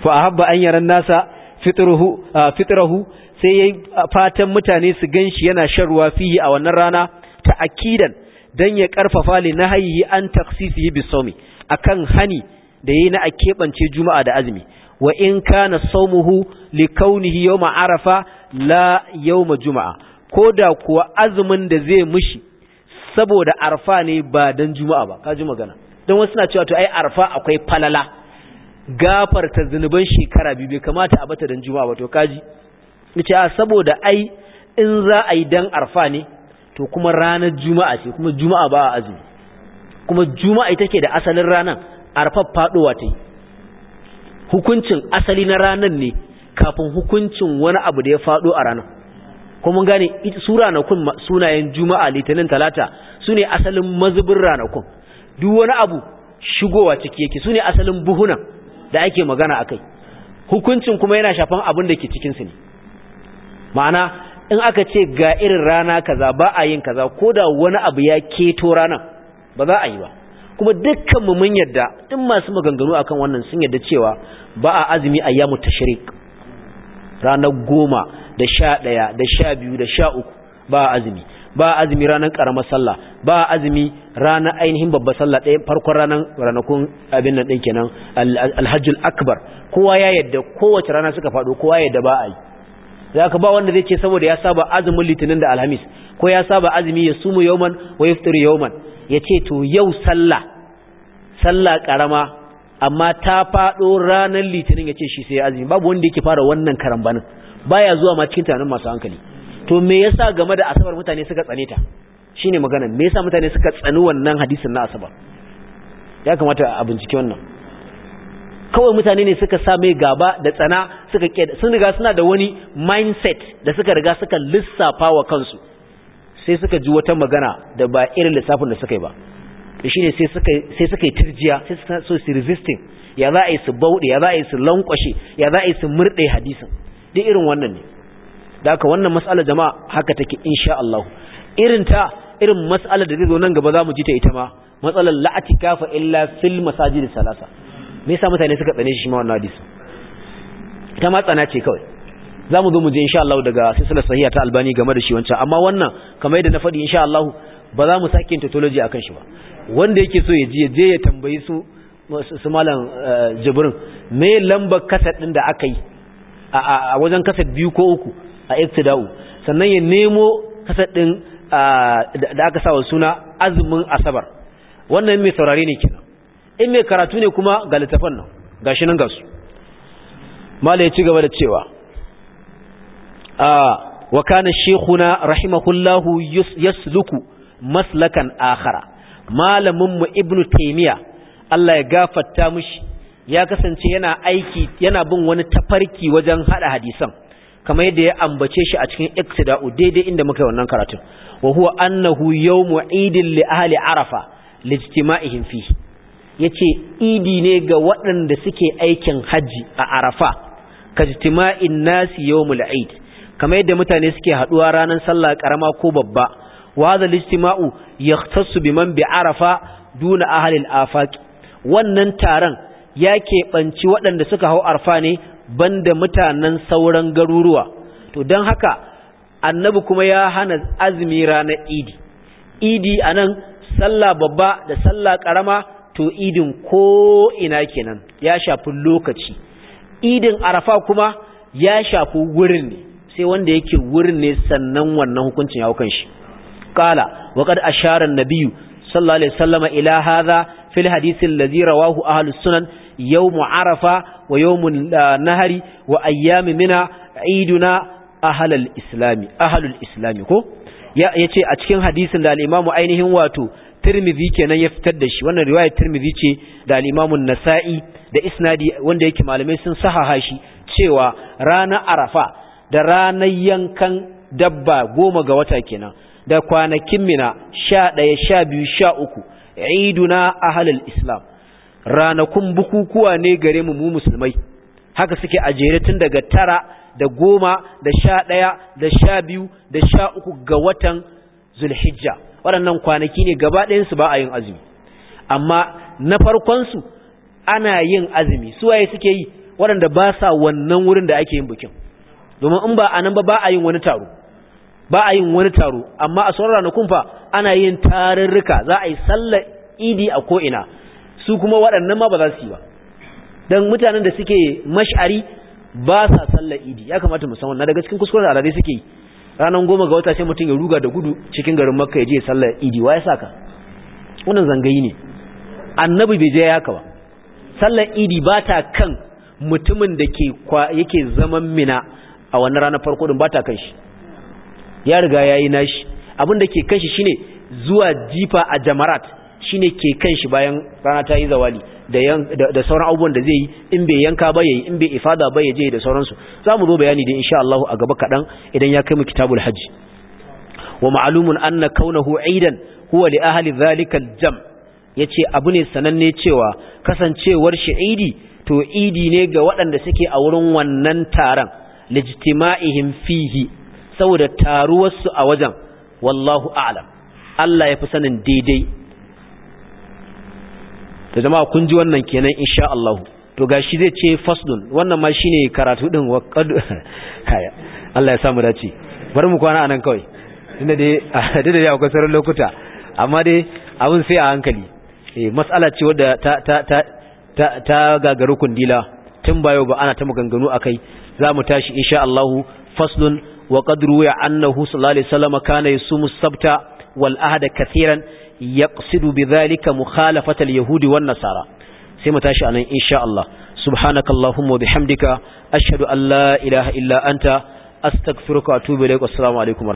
fa ahabba an yaran nasa fitruhu fitrahu sai yayi fatan mutane su ganshi yana shan ruwa fihi a wannan rana ta akidan dan ya karfafa li haihi an taksisihi a akan hani da yayi na a keɓance juma'a da azumi wa in kana sawmuhu li kaunihi yawma arafa la yawma juma'a koda kuwa azumin da zai mushi saboda arfa ne ba dan juma'a ba ka ji magana dan wasu na cewa to ai arfa akwai falala gafarta zunuban shekara biyu bai kamata a bata dan juma'a ba to kaji nace a saboda ai in za a yi dan arfa ne to kuma ranar juma'a ce kuma juma'a ba a azumi kuma juma'a ita ke da asalin ranar arfar faɗowa ta yi hukuncin asali na ranar ne kafin hukuncin wani abu da ya faɗo a ranar kuma gane su ranakun sunayen juma'a litinin talata su ne asalin mazubin ranakun duk wani abu shigowa ciki yake su ne asalin buhunan da ake magana a kai hukuncin kuma yana shafan abin da ke cikinsu ne ma'ana in aka ce ga irin rana kaza ba a yin kaza ko da wani abu ya keto ranar ba za a yi ba kuma dukkanmu mun yadda duk masu maganganu akan wannan sun yadda cewa ba a azumi ayyamu tashrik ranar goma da sha ɗaya da sha biyu da sha uku ba a azumi ba a azumi ranar ƙaramar sallah ba a azumi ranar ainihin babba sallah ɗaya farkon ranar ranakun abin nan ɗin kenan alhajjul akbar kowa ya yadda kowace rana suka faɗo kowa ya yadda ba a yi da aka ba wanda zai ce saboda ya saba azumin litinin da alhamis ko ya saba azumi ya sumu yawman wa yaftiru yawman ya ce to yau sallah sallah karama amma ta fado ranar litinin ya ce shi sai azumi babu wanda yake fara wannan karambanin baya zuwa ma cikin tunanin masu hankali to me yasa game da asabar mutane suka tsane ta shine magana me yasa mutane suka tsani wannan hadisin na asabar ya kamata a bincike wannan kawai mutane ne suka sa gaba da tsana suka ƙeda sun riga suna da wani mindset da suka riga suka lissafa wa kansu sai suka ji wata magana da ba irin lissafin da suka yi ba shi ne sai suka yi turjiya sai suka so su resisting ya za a yi su bauɗe ya za a yi su lankwashe ya za a yi su murɗe hadisin duk irin wannan ne da haka wannan mas'ala jama'a haka take insha Allah irin ta irin mas'alar da zai zo nan gaba za mu ji ta ita ma matsalar la'atikafa illa fil masajid salasa me yasa mutane suka tsane shi ma wannan hadisi ita ma tsana ce kawai za mu zo mu je insha Allah daga silsilar sahiha ta Albani game da shi wancan amma wannan kamar yadda na faɗi insha Allah ba za mu sake tautology akan shi ba wanda yake so ya je je ya tambayi su su malam eh, Jibrin me lambar kasad din da aka yi a wajen kasad biyu ko uku a iktida'u sannan ya nemo kasad din eh, da aka sa wa suna azumin asabar wannan mai saurare ne kenan in mai karatu ne kuma ga littafan nan ga shi nan gasu mala ya ci gaba da cewa a wa shekuna rahimahullahu yasluku maslakan akhara malamin mu ibnu taymiya Allah ya gafarta mushi ya kasance yana aiki yana bin wani tafarki wajen hada hadisan kamar yadda ya ambace shi a cikin iktida'u daidai inda muka yi wannan karatun wa huwa annahu yawmu idin li ahli arafa lijtima'ihim fihi ya ce idi ne ga waɗanda suke aikin hajji a arafa ka jitima'in nasi yau mul'aid kamar yadda mutane suke haɗuwa ranar sallah ƙarama ko babba Wa za ijtima'u ya tasu biman bi arafa duna ahalin afaki wannan taron ya keɓanci waɗanda suka hau arfa ne banda mutanen sauran garuruwa to don haka annabi kuma ya hana azumi ranar idi idi a nan sallah babba da sallah ƙarama to idin ko ina kenan ya shafi lokaci idin arafa kuma ya shafi wurin ne sai wanda yake wurin ne sannan wannan hukuncin ya hukan shi Kala, wa qad ashara sallallahu alaihi wasallam ila haza fil hadith alladhi rawahu ahlus sunan Yau arafa wa yawm nahari wa ayyam mina iduna ahlul islami islami ko ya yace a cikin hadisin da al ainihin wato tirmidhi kenan ya fitar da shi wannan riwaya tirmidhi ce da al nasa'i da isnadi wanda yake malamai sun sahaha shi cewa ranar arafa da ranar yankan dabba goma ga wata kenan da kwanakin mina sha ɗaya sha biyu sha uku iduna ahalul islam ranakun bukukuwa ne gare mu mu musulmai haka suke a jere tun daga tara da goma da sha ɗaya da sha biyu da sha uku ga watan zulhijja waɗannan kwanaki ne gaba ɗayansu ba a yin azumi amma na farkonsu ana yin azumi suwaye suke yi waɗanda ba sa wannan wurin da ake yin bikin domin in ba a nan ba ba a yin wani taro ba a yin wani taro amma a sauran ranakun fa ana yin tarurruka za a yi sallar idi a ko ina su kuma waɗannan ma ba za su yi ba don mutanen da suke mash'ari ba sa sallar idi ya kamata musamman na daga cikin kuskuren alade suke yi ranar goma ga wata sai mutum ya ruga da gudu cikin garin makka ya je sallar idi wa ya sa ka? wannan zangayi ne annabi bai je ya haka ba sallar idi ba ta kan mutumin da ke yake zaman mina a wannan ranar farko din ba ta kan shi ya riga ya yi nashi abin da ke kan shi shine zuwa jifa a jamarat shine ke kan shi bayan rana ta yi zawali da sauran abubuwan da zai yi in bai yanka ba yayi in bai ifada ba yaje da sauransu zamu zo bayani din insha Allah a gaba kadan idan ya kai mu kitabul hajj wa ma'lumun anna kaunahu aidan huwa li ahli zalika al-jam yace abu ne sananne cewa kasancewar shi idi to idi ne ga waɗanda suke a wurin wannan taron lijtima'ihim fihi saboda taruwarsu a wajen wallahu a'lam Allah ya fi sanin daidai to jama'a kun ji wannan kenan insha Allah to gashi zai ce fasdun wannan ma shine karatu din wa *laughs* Allah ya samu dace bari mu kwana anan kawai tunda dai *laughs* ah, da dai akwai sauran lokuta amma dai abun sai a hankali eh mas'ala ce wadda ta ta ta ta, ta gagaru kundila tun bayo ba ana ta maganganu akai za mu tashi insha Allah faslun wa qadru ya annahu sallallahu alaihi wasallam kana yusumu sabta wal ahada kathiran yaqsidu bidhalika mukhalafatal yahudi wan nasara sai mu tashi anan insha Allah subhanakallahumma bihamdika ashhadu an la ilaha illa anta astaghfiruka wa atubu ilaik assalamu alaikum